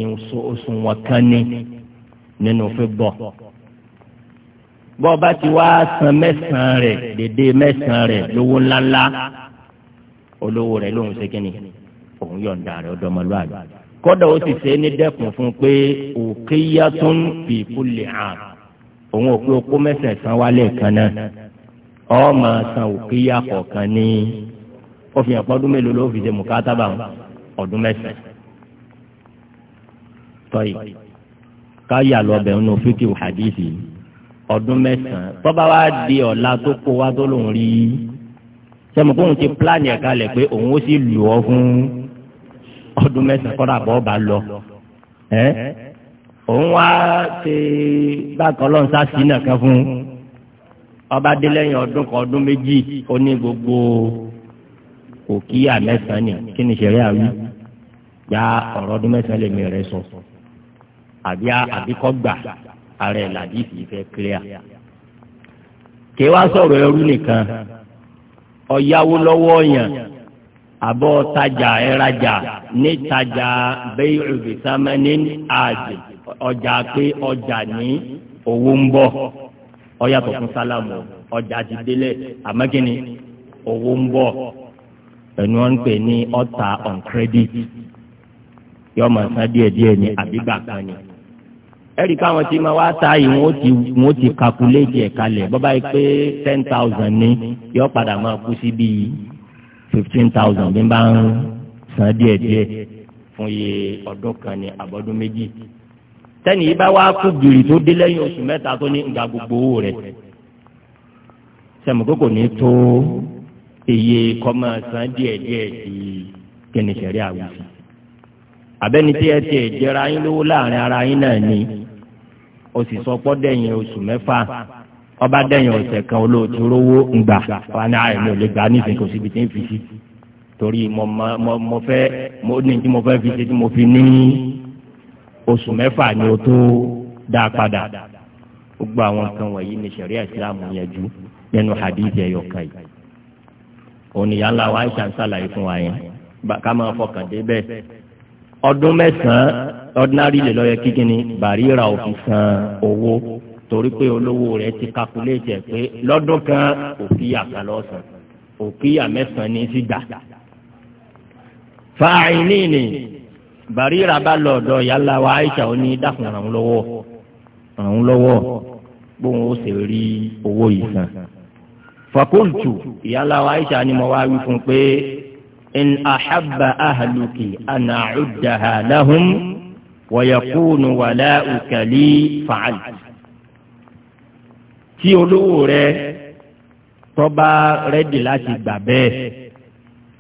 S1: ìsùnwọ̀n kan ní nínú fíbọ̀ bọ́ọ̀bá ti wá san mẹ́sàn-án rẹ̀ dédé mẹ́sàn-án rẹ̀ lówó ńláńlá olówó rẹ̀ lóhùn ṣe kínní òun yọ̀ǹda rẹ̀ ọ̀dọ́mọlúwàbí kódà ó sì ṣe é ní dẹ́kun fún pé uqiyatun fi kulli am òun ò pé okó mẹ́sàn-án san wálé kan náà ọmọ san uqiyya kọ̀ọ̀kan ní ó fi hàn pé ọdún mélòó ló fi ṣe mùkátàbà ọdún mẹ́sàn-án tọ́yì káyà lọ́bẹ̀ nínú fíkì hadithi ọdún mẹ́sàn-án tọ́ba wa di ọ̀la tó kó wa tó lòun rí sẹ́mu kóun ti pílánì ẹ̀ka lẹ̀ pé òun ó sì lù ọ́ fún ọdún mẹ́sàn-án kọ́ra bọ́ bá lọ ẹ́ òun wá ṣe bákan lọ́n sá sí nàkan fún ọba dé lẹ́yìn ọdún kan ọdún méjì ó ní gbogbo kò kíyà mẹ́sàn-án ni kí ni ṣẹ̀rí àwí gba ọ̀rọ̀ ọdún mẹ́sàn-án lèmi rẹ̀ sọ àbí àbíkọ́ gbà ara ẹ̀ làdí ìfẹ́ clear kí wá sọ̀rọ̀ ẹrú nìkan ọ̀yáwó lọ́wọ́ yàn àbọ̀ tajà ẹ̀rajà ní tajà bẹ́ẹ̀ ìrùbísámẹ́ni àjì ọjà pé ọjà ní owó ń bọ̀ ọyàtọ̀ fún sálámù ọjà ti délẹ̀ àmọ́kínni owó ń bọ̀ ẹnu wọn ń pè ní ọta on credit yọ máa san díẹ̀ díẹ̀ ní àbígbà kan ni ẹ̀rí káwọn tí ma wá ta yìí wọ́n ti wọ́n ti kakuléètì ẹ̀ kalẹ̀ bọ́bá yìí pé ten thousand ni yọ padà máa kú sí bíi fifteen thousand bí n bá ń san díẹ̀ díẹ̀ fún iye ọdún kan ní àbọ̀dún méjì tẹ́nì yìí bá wá kú gbìrì tó dé lẹ́yìn oṣù mẹ́ta tó ní ìgbà gbogbo owó rẹ̀ sẹ́mukú kò ní tó iye kọ́mọ san díẹ̀ díẹ̀ di kẹ́nìkẹ́rẹ́ àwùjọ abẹ́ni tí ẹ tiẹ̀ jẹra yín lówó láàrin ara yín náà ni o sì sọ pọ́ dẹ́yìn oṣù mẹ́fà ọba dẹ́yìn ọ̀sẹ̀ kan olóòtú rówó ngbà wà ní àyè mi ò lè gbà nísìnyí kò síbi tí ń fi sí torí mo mo fẹ́ mo ní tí mo fẹ́ fi ṣe tí mo fi ní oṣù mẹ́fà ni o tó dá padà gbogbo àwọn kan wọ̀nyí ni sẹ̀ríà ìsìlámù yẹn nínú hadith ẹ̀yọ̀ kan yìí oníyànlá wa Aisha ń sàlàyé fún wa yẹn ká máa fọkàn dé bẹ́ẹ̀ ọdún mẹ́sàn-án ordinary lè lọ́yẹ kíkíni bàríra òfin san owó torí pé olówó rẹ̀ ti kakuléètì ẹ̀ pé lọ́dún kan òkìyà kan lọ́sàn òkìyà mẹ́sàn-án ní sí gbà. fàáyínì ni bàríra bá lọ ọ̀dọ̀ yàrá wa Aisha ó ní dákun ràn án lọ́wọ́ ràn án lọ́wọ́ bóun ó sì rí owó yìí san. fakultu yàrá wa Aisha ni mo wá wí fún pé in ahabba ahluki ana cuddaha lahum wayakunu wala'uka li facaltu tí olówó rẹ tọ́ba rẹ́dì láti gbà bẹ́ẹ̀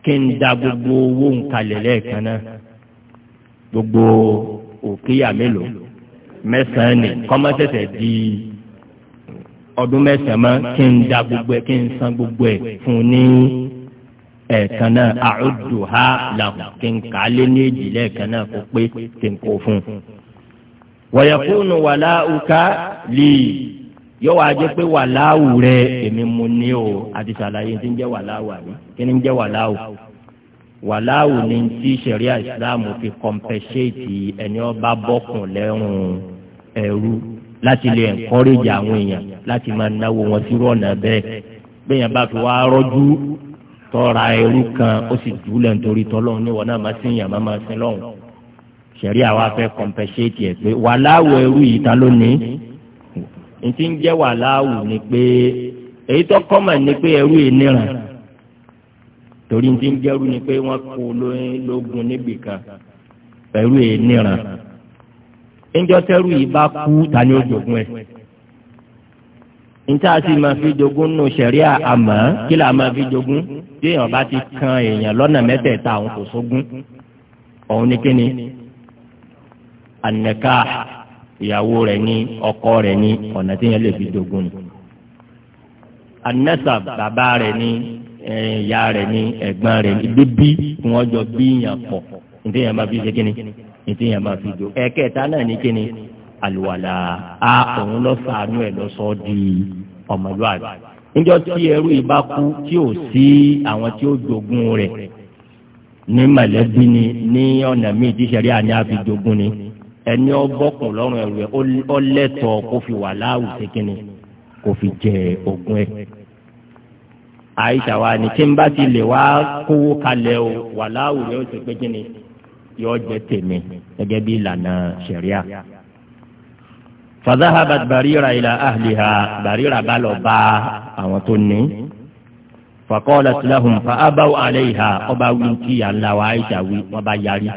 S1: kí n da gbogbo owó nkalẹ̀ lẹ́ẹ̀kan náà gbogbo òkèèyà mélòó mẹ́sàn-án ni kọ́mọ́sẹ̀sẹ̀ di ọdún mẹ́sàn-án mọ́ kí n da gbogbo ẹ̀ kí n san gbogbo ẹ̀ fún ní ẹ̀ẹ̀kan náà àrùdù ha làwọn kí n kà á lé ní èjì lẹ́ẹ̀kan náà kó pé kí n kó fún un.
S2: wọ̀yẹ̀kùnù
S1: wàlá uka lè yóò wá jẹ́ pé wàláwù rẹ èmi mo ní o àti sàlàyé tí ń jẹ́ wàláwù àbí kí ni ń jẹ́ wàláwù wàláwù ni ti ṣẹ̀ríà ìsìláàmù fi kọ̀mpẹ́ṣẹ́ẹ̀tì ẹni ọba bọ́kùn lẹ́rùn ẹ̀rú láti lè ẹ̀ńkọ́rẹ́jì àwọn èèyàn láti máa náwó wọn sí rọ̀nà bẹ́ẹ̀ bẹ́ẹ̀ yẹn bá fi wá rọ́jú tọ́ra ẹrú kan ó sì dúlẹ̀ nítorí tọ́lọ́run ní wọn náà máa sin yàn máa máa lọ́hùn ṣẹ̀ríà wa fẹ́ kọ̀mpẹ́ṣẹ́ẹ̀tì ẹ̀ pé wàláwù ẹrú yìí ta lónìí ntí ń jẹ́ wàláwù ni pé èyí tó kọ́mọ̀ ni pé ẹrú ìníran torí ntí ń jẹ́rú ni pé wọ́n kó lógun níbì kan pẹ̀lú ìníran ńjọ́ tẹ́rú yìí bá kú ta ni ó jogún ẹ̀ nta sì máa fi jogún nù sẹ̀ríà àmọ́ kí la máa fi jogún tí èèyàn bá ti kan èèyàn lọ́nà mẹ́tẹ̀ẹ̀ta àwọn kò sógún òun ni kíni ànẹ́ká ìyàwó rẹ̀ ní ọkọ rẹ̀ ní ọ̀nà tí lè fi dogun ni. anẹ́sà bàbá rẹ̀ ní ìyá rẹ̀ ní ẹ̀gbọ́n rẹ̀ ní bíbí tí wọ́n jọ bí yàn pọ̀ nítorí máa fi ṣe kíni máa fi do ẹ̀kẹta náà ní kíni àlùwàlà a òun lọ ẹ̀ di ọmọlúwàbí tí ẹrú kú tí ò sí àwọn tí ó dogun ẹni ọgbọ́kùn lọ́rùn ẹ̀rù ẹ̀ ọlẹ́tọ̀ọ́ kó fi wà láàwù sékìnnì kó fi jẹ ogún ẹ̀. àyíṣà wa ni tí n bá ti lè wá kówó kalẹ̀ o wà láàwù rẹ̀ ó ti pé kí yọ jẹ tèmi gẹ́gẹ́ bí ìlànà ṣẹ̀ríà. fadahabat barira ila ahliha barira bá lọ bá àwọn tó ní faqalat lahum fa abaw alayha ọba wíńtì yà ńlá wa àyíṣà wí wọn bá yarí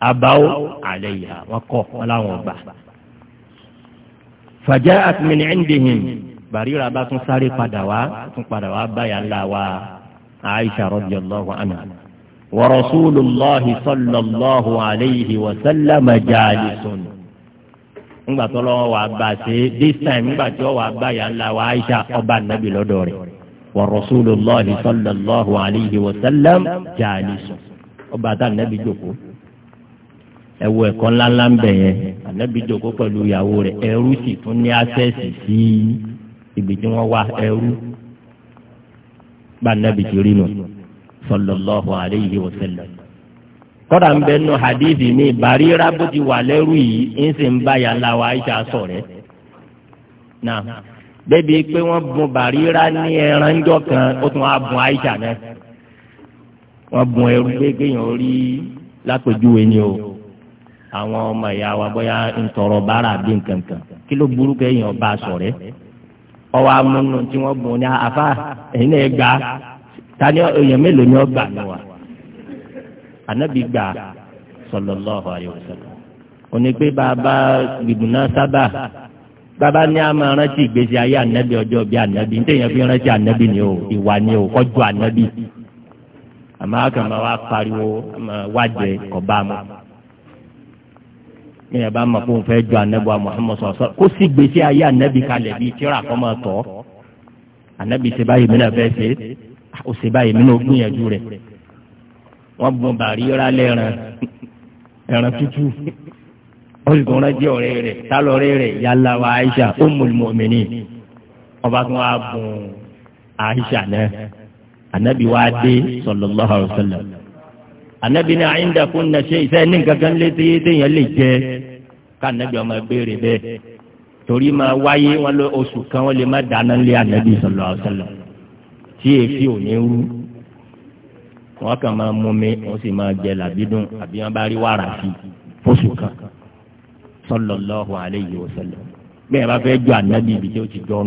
S1: abawo àlẹyà wọn kọ wọn làwọn gbà. fàjà àtúmìnì ẹ̀ńdìhìn bàríra bá tún sáré padà wá tún padà wá báyà ńlá wa aisha radiyallahu anha wa rasulullahi sallallahu alayhi wa sallam jalisun ngba tó lọ́wọ́ wa bá this time ngba tí wọ́n wà báyà wa aisha ọba nàbì lọ́dọ̀ rẹ̀ wa rasulullahi sallallahu alayhi wa sallam jalisun ọba tá nàbì jókòó ẹwọ ẹ̀kọ́ ńláńlá ń bẹ yẹn ànábì jòkó pẹ̀lú ìyàwó rẹ̀ ẹrú sì tún ní àṣẹsì sí ibi tí wọ́n wá ẹrú bá ànábì ti rí nù sallallahu alayhi wa kọ́dà ń bẹ nù hadithi mi Barira bó wà lẹ́rú yìí ń sì ń bá yàrá wa Aisha sọ rẹ̀ náà bẹ́ẹ̀bi pé wọ́n bùn Barira ní ẹranjọ kan ó tún wá bùn Aisha náà wọ́n bùn ẹrú gbégbé yẹn orí lápèjúwe ni o. àwọn ọmọ ìyá wa bóyá ń tọrọ bára bí nkankan kí ló burú kẹ́yìn ọba sọ̀rẹ́ ọwọ́ amúnú tí wọn bùn ní afá ẹ̀yin náà gbà tani èèyàn mélòó anabi gbà bàbá sábà bàbá ní a rántí ìgbésí ayé ànábì ọjọ́ bíi ní fi rántí ni o ìwà ni o kọjú ànábì àmọ́ àkàmọ́ ní ẹ bá mọ̀ pé òun fẹ́ jọ anabi wa muhammed sọ̀rọ̀ kó sì gbèsè ayé anabi kalẹ̀ bíi tíra kọ́ máa tọ̀ anabi ṣe báyìí mìíràn fẹ́ ṣe ó ṣe báyìí mìíràn gbìyànjú rẹ̀ wọ́n bọ̀ bàrí rálẹ̀ ẹran ẹran tútù olùkọ́ra jẹ́ ọ̀rẹ́ rẹ̀ tálọ́rẹ́ rẹ̀ yálà wa aisha ummul mu'minin ọba tó wá bùn aisha náà anabi wa dé sallallahu alaihi wasallam anabi ní àyíǹda kún ní ṣe iṣẹ́ ní nǹkankan létí téèyàn lè jẹ ká anabi ọmọ béèrè bẹ́ẹ̀ torí máa wáyé wọn lọ oṣù kan wọn lè má dáná lé anabi sọlọ ọsọlọ tí èéfì ò ní rú wọn kàn máa mú mi wọn sì máa jẹ làbídùn àbí wọn bá rí wàrà sí oṣù kan sọlọ lọhùn àlẹyé ọsọlọ bẹ́ẹ̀ bá fẹ́ jọ anabi ibi tí ó ti jọ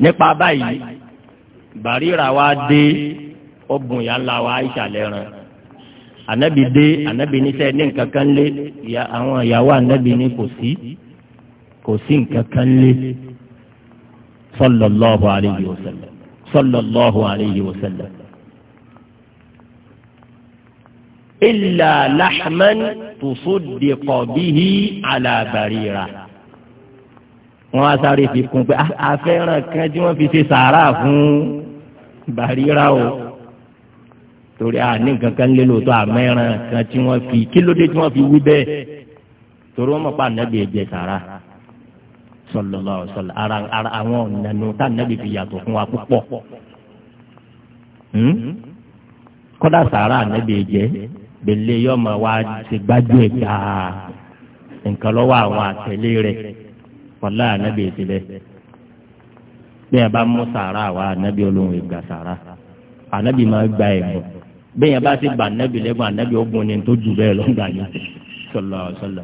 S1: nípa báyìí bàrírà wa dé ó bùn ìyá ńlá wa Aisha lẹ́ran anabi dé anabi níṣẹ́ ní nǹkan kan lé àwọn ìyàwó anabi ní kò sí kò sí nǹkan kan lé sallallahu alayhi wa sallam sallallahu alayhi wa sallam. illa lahman tusuddiqa bihi ala barira wọn á sáré fi kún pé àfẹ́ràn ah, kan tí wọ́n torí a ní nǹkan kan lélo tó àmẹ́ràn kan tí wọ́n fi kí ló dé tí wọ́n fi wí bẹ́ẹ̀ torí wọ́n mọ̀ pa ànábì ẹ̀jẹ̀ sàrà sallallahu alaihi wasallam ara ara àwọn ọ̀nà nu tá ànábì fi yàtọ̀ fún wa púpọ̀ hmm? kọ́dà sàrà ànábì ẹ̀jẹ̀ gbèlè yọ ma wá ṣe gbájú ẹ̀ gbàá nǹkan lọ́wọ́ àwọn àtẹ̀lé rẹ̀ wàlá ànábì ẹ̀jẹ̀ bẹ́ẹ̀ bí bá mú sàrà wa ànábì olóhùn ìgbà sàrà ànábì máa gba ẹ̀bùn bẹ́ẹ̀ yẹn bá ti bà nẹ́bi lẹ́gbọ̀n ànẹ́bi ogun ni tó jù bẹ́ẹ̀ lọ́gbà yẹn sọlọ sọlọ.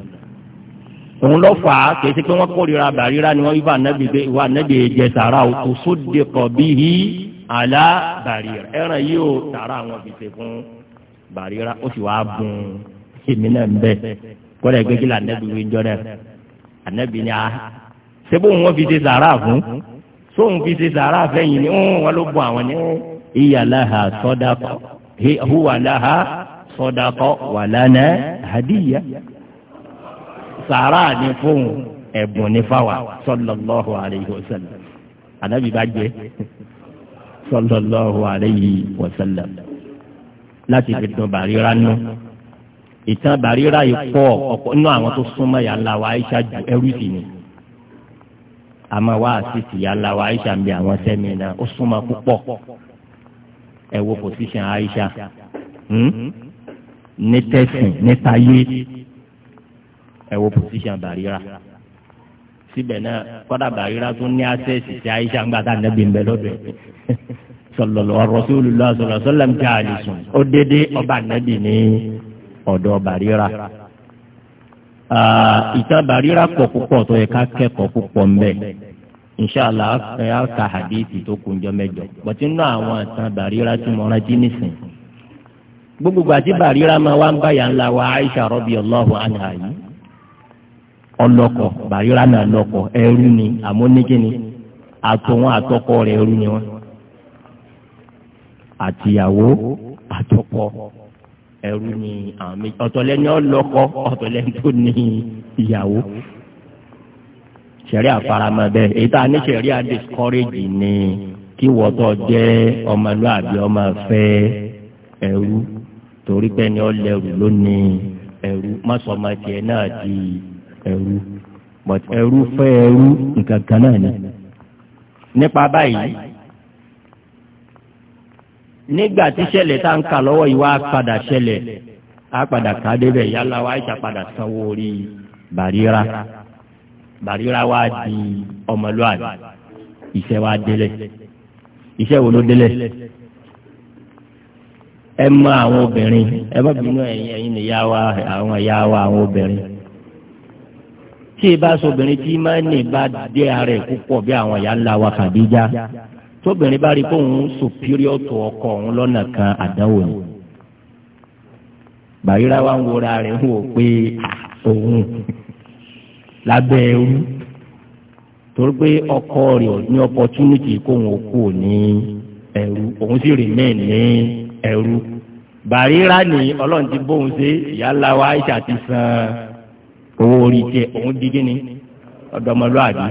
S1: òun lọ fà á kìí ṣe pé wọ́n kórìíra bàríra ni wọ́n yí bà nẹ́bi pé ìwà nẹ́bi jẹ sàrà o kò sóde kọ̀ bí hi àlá bàríra ẹran yìí ó sàrà àwọn fi ṣe fún bàríra ó sì wàá bùn èmi náà ń bẹ kọ́dà ẹgbẹ́ kí nẹ́bi wí jọ náà ànẹ́bi ni a ṣé bóun fi ṣe sàrà fún sóun fi ṣe sàrà fẹ́yìn ni wọ́n ló bọ àwọn ni ìyàlá ha kọ́ huwa laha sadaqa wa lana hadiyya sàrà ni fún ẹ̀bùn ní fáwa sallallahu alayhi wa sallam ànábì bá jẹ sallallahu alayhi wa sallam láti fi dùn bàríra nù ìtàn bàríra yìí pọ̀ ọ̀pọ̀ nínú àwọn tó súnmọ́ yàrá wa aisha ju ẹrú sí ni àmọ́ wa àti ti yàrá aisha ń bẹ àwọn sẹmi náà ó súnmọ́ púpọ̀ ẹ wo position Aisha hmm? Hmm? ní tẹ̀sìn níta yé ẹ position Barira síbẹ̀ náà kọ́dà Barira tún ní access sí Aisha ńgbà tá a nẹ́bi ń bẹ lọ́dọ̀ ẹ̀ sọlọlọ Rasulullah sọlọ sọlọ ń tẹ àlìsùn ó dédé ọba nẹ́bi ní ọ̀dọ̀ Barira ah, ìtàn Barira pọ̀ púpọ̀ tó yẹ ká kẹ́kọ̀ọ́ púpọ̀ ń bẹ inṣàlá ẹ á ka hadithi tó kun jọ mẹ́jọ bọtí nínú àwọn àtàn bàríra tí mo rántí nísìn gbogbo àti bàríra máa wá ń báyà ńlá wa aisha radiyallahu anha yìí ọlọkọ bàríra náà lọkọ ẹrú ni àmọ́ níkíni àtòwọn àtọkọ rẹ̀ ẹrú ni wọn àtìyàwó àtọkọ ẹrú ni àwọn méjì ọ̀tọ̀lẹ́ni ọlọkọ ọ̀tọ̀lẹ́ni tó ní ìyàwó sẹ̀rí àfaramọ́ bẹ́ẹ̀ èyí tá a ní sẹ̀rí àdìskọ́rẹ́jì ni kí wọ́tọ̀ jẹ́ ọmọlúàbí ọmọ fẹ́ ẹrú torí pé ni ọ lẹ́rù lónìí ẹrú mọ́sọ̀mọ́tì ẹ̀ náà di ẹrú but ẹrú fẹ́ ẹrú nǹkan kan náà ni. nípa báyìí nígbà tí ṣẹlẹ̀ tá ń kà lọ́wọ́ yìí wá padà ṣẹlẹ̀ á padà ká débẹ̀ yálà wá ìṣàpadà sanwó orí bàríra bàríra wa di ọmọlúwàbí iṣẹ́ wa délẹ̀ iṣẹ́ wo ló délẹ̀ ẹ mọ àwọn obìnrin ẹ bá bínú ẹ̀yin ẹ̀yin ìyá wa àwọn ìyá wa àwọn obìnrin tí ì bá sobìnrin tí máa ní bá dé ara ẹ̀ púpọ̀ bí àwọn ìyá ńlá wa Khadija tóbìnrin bá rí pé òun superior tó ọkọ òun lọ́nà kan àdánwò ni bàríra wa ń wora rẹ̀ ń wò pé ah, òun lábẹ́ oyún torí pé ọkọ rẹ̀ ní opportunity kó wọn kú ní ẹrú òun sì remain ní ẹrú bàríra ni ọlọ́run ti bóun ṣe ìyáàlá wa aisha ti san owó orí tiẹ̀ òun di kíni ọ̀dọ́mọlúwàbí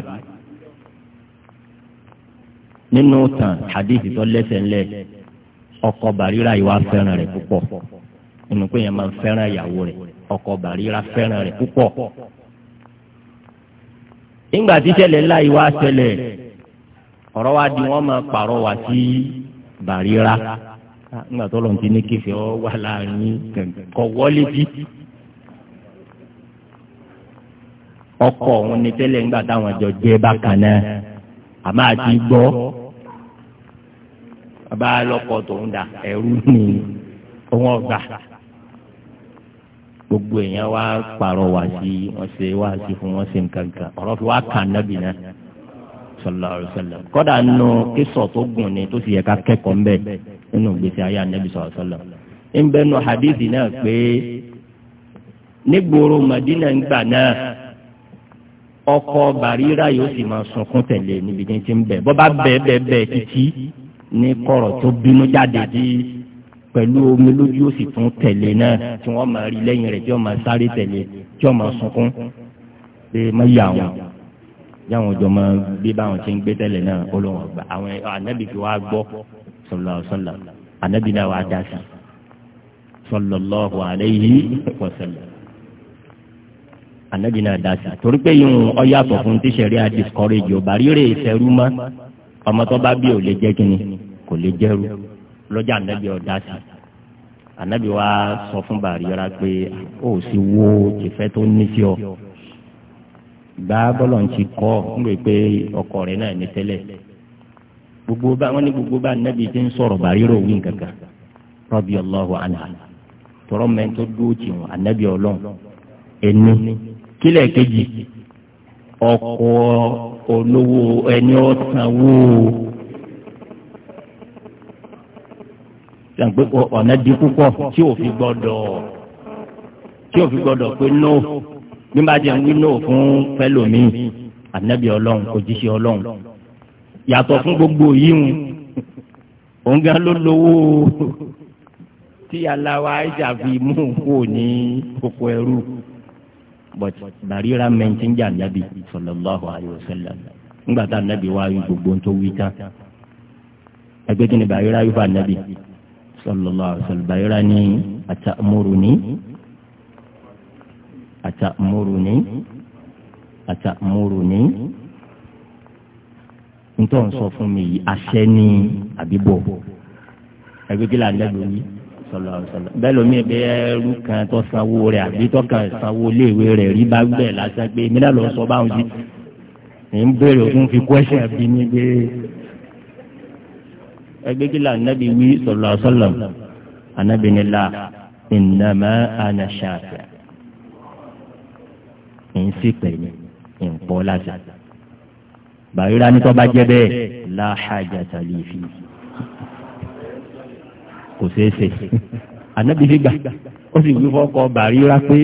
S1: nínú tàn hadithi tó lẹ́sẹ̀ ńlẹ̀ ọkọ bàríra yìí wá fẹ́ràn rẹ̀ púpọ̀ nínú pé yẹn máa fẹ́ràn ìyàwó rẹ̀ ọkọ bàríra fẹ́ràn rẹ̀ púpọ̀ nígbà tí ìṣẹ̀lẹ̀ ńlá yìí wá ọ̀rọ̀ wa di máa pààrọ̀ wá sí Bàrírà nígbà tó lọ́n ní ọ wà láàrin kọ̀ wọlé bí. ọkọ̀ òun ni tẹ́lẹ̀ táwọn jọ jẹ́ bákan náà àmọ́ àti gbọ́ tó ń gbogbo èèyàn wá pààrọ̀ wá sí wọ́n ṣe wá sí fún wọ́n ṣe nǹkan kan ọ̀rọ̀ fi wá kàn nábì náà sallallahu alaihi wasallam kọ́dà nù kíṣọ̀ tó gùn ni tó sì yẹ ká kẹ́kọ̀ọ́ ń bẹ̀ nínú gbèsè ayé ànábì sallallahu alaihi wasallam ń bẹ́ nu hadith náà pé nígboro Madina ńgbà náà ọkọ̀ bàríra yóò sì máa sunkún tẹ̀lé níbi tí ń bẹ̀ bọ́ bá bẹ́ẹ̀ bẹ́ẹ̀ títí ní kọ̀rọ̀ tó bínú jáde bíi pẹ̀lú omi lójú ó sì tún tẹ̀lé náà tí wọ́n máa rí lẹ́yìn rẹ̀ tí wọ́n máa sáré tẹ̀lé tí wọ́n máa sunkún pé má yà wọn yà wọn jọ máa gbé báwọn ti ń gbé tẹ̀lé náà olóhùn ọgbà àwọn ànábì fi wá gbọ́ sọlọ sọlọ ànábì náà wàá dá sí sọlọ lọ́hùn àlẹ́yìí wọ̀sẹ̀lẹ̀ ànábì náà dá sí torí pé yìí ń ọyàtọ̀ fún tíṣẹ̀rí à discourage ìṣẹ́rú mọ́ ọmọ tó bá bí ò lè jẹ́ kínní kò lè jẹ́rú. lọ́jà ànábì ọ̀dá sí wa sọ fún bàríyọ́ra pé ó sì wo ìfẹ́ tó ní sí ọ gbà bọ́lọ̀ ń ti kọ́ ń pé ọkọ rẹ̀ náà ní tẹ́lẹ̀ gbogbo bá wọn ní gbogbo bá ànábì ti ń sọ̀rọ̀ bàríyọ́rọ̀ òwì tọrọ mẹ́tọ́ dúró tì kejì ọkọ̀ olówó ẹni sàǹpé ọ̀nà di púpọ̀ tí ò fi gbọ́dọ̀ tí ò fi gbọ́dọ̀ pé no bí bá jẹ́ ń wí no fún fẹ́lòmíì ànábì ọlọ́run òjíṣẹ́ ọlọ́run yàtọ̀ fún gbogbo yìí ń òun gan ló lówó tí aláwa aisha fi mú kó ní oko ẹrú but barira mẹ́ntíjà nábì sallallahu alayhi wa sallam ńgbà tá gbogbo tó wí tán ẹgbẹ́ kí ni barira yóò fà nábì sallallahu alaihi wasallam bayra ni atamuruni atamuruni atamuruni ntọ́ ń sọ fún mi yìí aṣẹ́ ní àbíbọ̀ ẹgbẹ́ kí là ń dẹ́gbẹ́ yìí sọlọ sọlọ bẹ́ẹ̀ lómi ẹ bẹ ẹrú kan tó sanwó rẹ̀ àbí tó kan sanwó léèwé rẹ̀ rí bá gbẹ lásán pé mi sọ báwọn jí ní bèrè òkun fi kú ẹsẹ bí ní ẹgbẹ́gílà anabi wí sallallahu alaihi wasallam anabi ni la innama ana shafi'a ń sì pè ní nǹkan láti. bàríra ní tó bá jẹ́ bẹ́ẹ̀ la hajata li fi kò ṣeé ṣe anabi ó sì wí fọ́kọ bàríra pé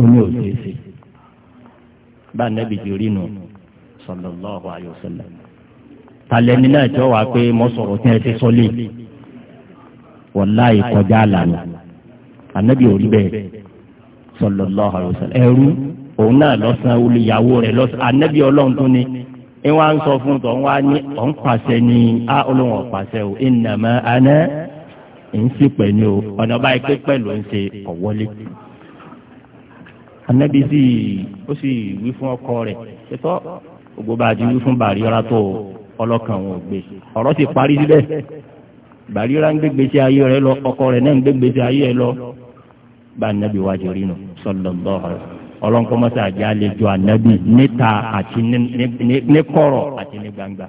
S1: omi ò ṣeé bá anabi ti rí nu sallallahu talẹ́ni náà jọ wá pé mo sọ̀rọ̀ tí ẹ ti sọ́lé wàláyé kọjá àlànà ànábì ò rí bẹ́ẹ̀ sallallahu alaihi wasallam ẹrú òun náà lọ́sàn olùyàwó rẹ̀ lọ́sàn ànábì ọlọ́run tó ni ń wá ń sọ fún tọ̀ ń wá ní ọ̀n pàṣẹ ni á olóhùn ọ̀pàṣẹ o innama ana ń sì pẹ̀ ní o ọ̀nà báyìí pé pẹ̀lú ń ṣe ọ̀wọ́lé. ànábì sì ó sì wí fún ọkọ rẹ̀ ṣètò ògbó wí fún bàrí ọ̀rá tó o ọlọ́kàn wọn ò gbé ọ̀rọ̀ ti parí síbẹ̀ bàríra ń gbégbèsè ayé rẹ lọ ọkọ rẹ náà ń gbégbèsè ayé rẹ lọ bá anabi wájú rí nu sallallahu ọlọ́nkọ́mọ́sá àjẹ́ àlejò anabi níta àti ní kọ̀rọ̀ àti ní gbangba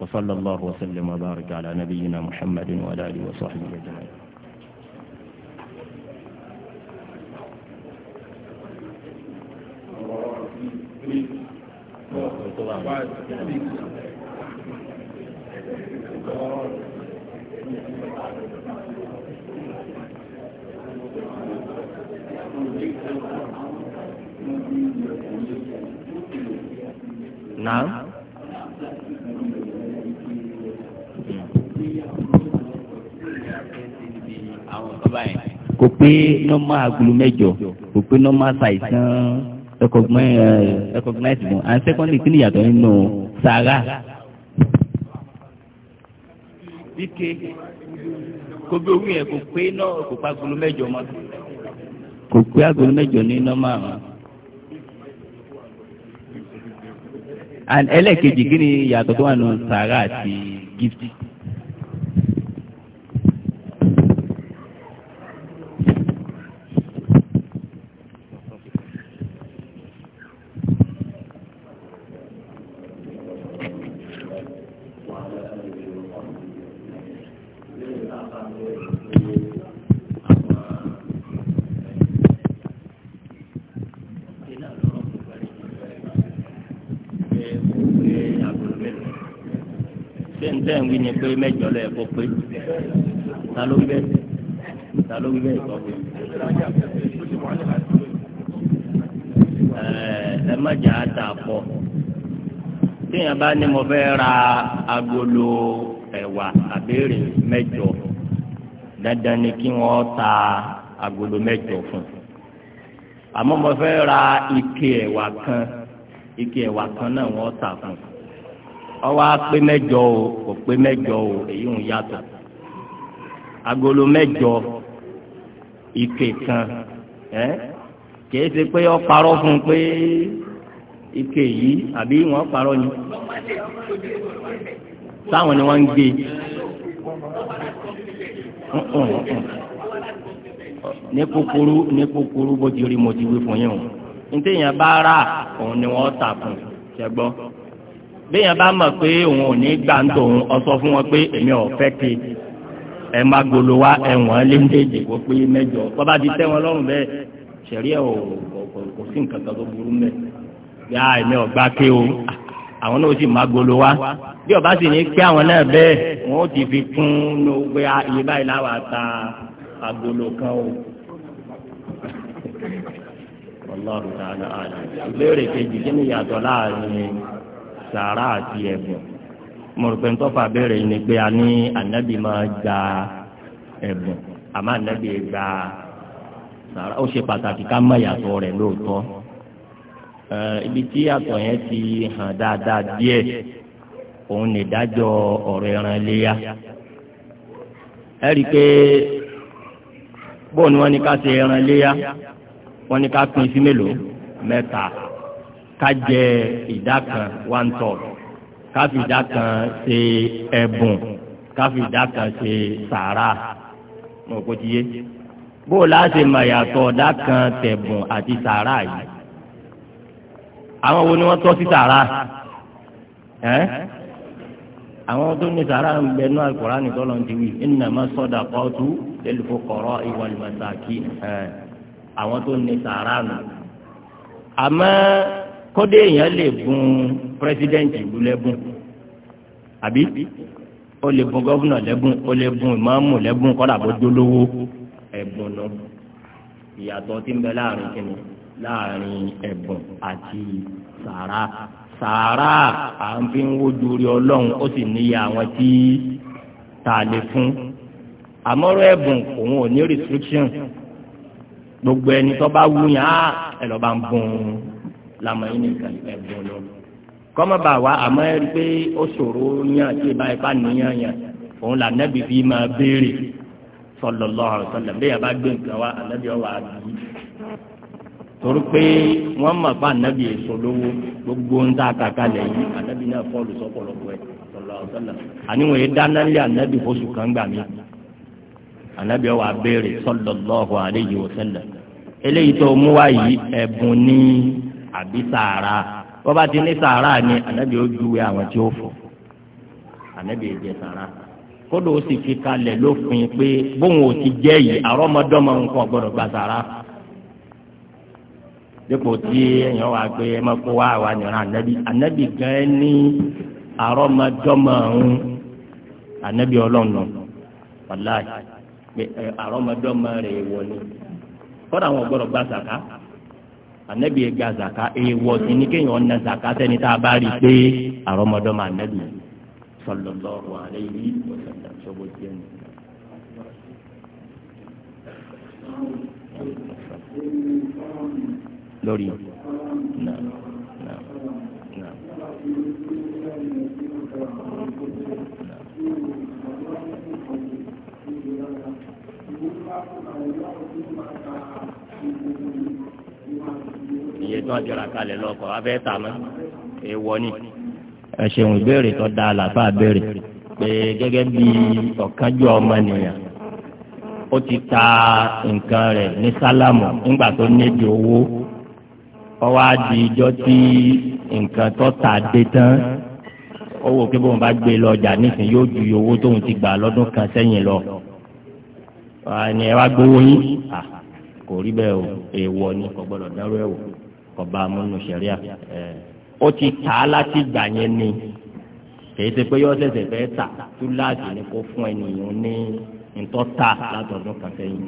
S1: wasallallahu wasallam wa barika ala nabiyyina muhammadin wa alihi wa sahbihi ajma'in.
S2: Thank you. Naam.
S1: kò pé nọ́mà agolo mẹ́jọ kò pé nọ́mà ṣàìsàn ẹ̀kọ́gbọ́n ẹ̀kọ́gbọ́n ẹ̀sìn and secondly kí ni ìyàtọ̀ nínú sàrà wíkẹ kó bí owó yẹn kò pé náà kò pa agolo mẹ́jọ mọ kò pé agolo mẹ́jọ ní nọ́mà wọn. and ẹlẹ́ẹ̀kejì kí ni yàtọ̀ tó wà nù sàrà àti gíftì. lọ́lọ́ ẹ̀kọ́ pé ta ló gbẹ ta ló gbẹ ìtọ́ pé. ẹ má jà á tà pọ̀ téèyàn bá ní mo fẹ́ ra agolo ẹ̀wà àbẹ́rẹ́ mẹ́jọ dandan ni kí wọ́n ta agolo mẹ́jọ fún àmọ́ mo fẹ́ ra ike ẹ̀wà kan ike ẹ̀wà kan náà wọ́n tà fún un ọwọ́ apé mẹ́jọ o kò mẹ́jọ o èyí ń yàtọ̀ agolo mẹ́jọ ike kan ẹ kìí ṣe pé ọ parọ́ fún un pé ike yìí àbí wọ́n parọ́ ni
S2: táwọn ni wọ́n ń gbé
S1: ní kúkúrú ní kúkúrú bó ti rí mo ti wí fún yín o ní béèyàn bá mọ̀ pé òun ò ní gbà ń tòun ọsọ fún wọn pé èmi ò fẹ́ ke ẹ má golo wa ẹ̀wọ̀n léńdéèdè kó pé mẹ́jọ bọ́ba ti tẹ́ wọn lọ́rùn bẹ́ẹ̀ sẹ̀rí ẹ̀ ò kò sí nǹkan kan tó burú mẹ́ yá èmi ò gbà ké o àwọn náà sì má golo wa bí ọba sì ní kí àwọn náà bẹ́ẹ̀ wọn ó ti fi kún ní pé ah, iye báyìí láwa ta agolo kan o. Allahu ta'ala àlà ìbéèrè kejì kí ni yàtọ̀ láàrin sàrà àti ẹ̀bùn mọ̀rùpẹ̀ ńtọ́fà bẹ̀rẹ̀ ni pé a ní ànábì máa gba ẹ̀bùn àmọ́ ànábì gba sàrà ó ṣe pàtàkì ká má yàtọ̀ rẹ̀ lóòótọ́ ibi tí yàtọ̀ yẹn ti hàn dáadáa díẹ̀ òun ní ìdájọ́ ọ̀rọ̀ ẹran léyà ẹ rí i pé bóun ni wọ́n ní ká ṣe ẹran léyà wọ́n ní ká pín sí mélòó mẹ́ta ká jẹ ìdá kan one third ká fi ìdá kan ṣe ẹ̀bùn ká fi ìdá kan ṣe sàárà mo kò ti yé bó o láti mọ̀ yàtọ̀ ọ̀dá kan tẹ̀bùn àti sàárà yìí àwọn wo ni wọ́n tọ́ sí sàárà ẹ́ àwọn tó ní sàárà ń bẹ náà Al-Qur'ani tọ́lọ̀ ti wí innama sadaqatu lil fuqara'i wal masakin ẹ́ àwọn tó ní sàárà nù àmọ́ kódé èèyàn lè gun pírẹsidẹ́ǹtì ìlú lẹ́bùn àbí ó lè gun gọ́vùnà lẹ́bùn ó lè gun ìmáàmù lẹ́bùn kọ́dà bó jólówó ẹ̀bùn nù ìyàtọ̀ tí ń bẹ láàrin kìnnì láàrin ẹ̀bùn àti sàrà sàrà à ń fi ń wojú rí ọlọ́run ó sì níyà àwọn tí ta lè fún àmọ́rọ̀ ẹ̀bùn òun ò ní restriction gbogbo ẹni tó bá wúyàn á ẹ̀ lọ́ bá ń bùn un làmọ́ yín nìkan ẹ̀bùn lọ. kọ́mọ́bà wa àmọ́ ẹ rí i pé ó ṣòro yàn tí ìbá ipá nìyàn yàn òun là nẹ́bí fi máa béèrè sallallahu alaihi wasallam bẹ́ẹ̀ bá gbé nǹkan wa ànábì ọwọ́ àbí. torí pé wọ́n mọ̀ pé ànábì èso lówó gbogbo ń tà kàkálẹ̀ yìí ànábì náà fọ́ọ̀lù sọ́pọ̀lọpọ̀ ẹ̀ sallallahu alaihi wasallam àníwò yìí dáná lé ànábì fóṣù kan gbà mí ànábì ọwọ́ àbẹ̀rẹ̀ sallallahu alaihi eléyìí tó mú wá yìí ẹ̀bùn ní àbí sàárà wọ́n bá ti ní sàárà ni ànábì ó juwe àwọn tí ó fọ̀ ànábì yìí jẹ sàárà kódò ó sì fi kalẹ̀ lófin pé bóun ò ti jẹ́ yìí àrọ́mọdọ́mọ nǹkan gbọ́dọ̀ gba sàárà dípò tí èèyàn wá gbé ẹmọ́kó wá wà nìyẹn ànábì ànábì gan ní ànábì wàláì rẹ̀ wọlé kódà anabi ega zaka ewọ sí ni kéèyàn ọ̀nà zaka sẹ́ni tá a bá rí i pé àrọ́mọdọ́mọ anabi sallallahu alayhi wa sallam sọ́gbó tiẹ̀ nù. lórí. tí wọ́n ti rà kalẹ̀ lọ́kọ̀ abẹ́ tà mọ́ èèwọ̀ ni. ẹ ṣeun ìbéèrè tó dáa làbá béèrè pé gẹ́gẹ́ bí ọ̀kánjú ọmọnìyàn ó ti ta nǹkan rẹ̀ ní sálámù nígbà tó nídìí owó ọwọ́ á di ijọ́ tí nǹkan tó tà dé tán owó kí bóun bá gbé lọ nísìn yóò ju owó tóun ti gbà lọ́dún kan sẹ́yìn lọ ni ẹ wá gbowó yín kò rí bẹ́ẹ̀ o èèwọ̀ ni kò gbọ́dọ̀ dárú ẹ̀ wò kọba amúnú sẹríà ó ti tà á láti gbà yẹn ni kèyí ti pé yọ ṣẹ̀ṣẹ̀ fẹ́ tà túláàsì ni kó fún ènìyàn ní ntọ́ tà látọ̀dún kan sẹ́yìn.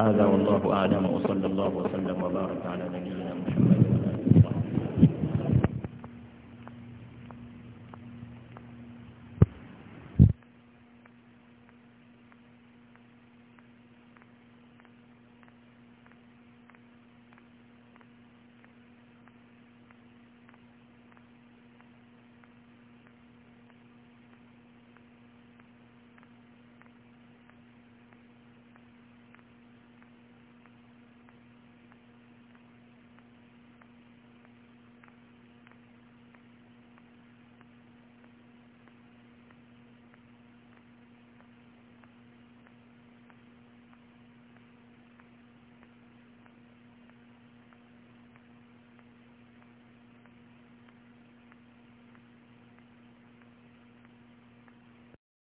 S1: هذا والله أعلم وصلى الله وسلم وبارك على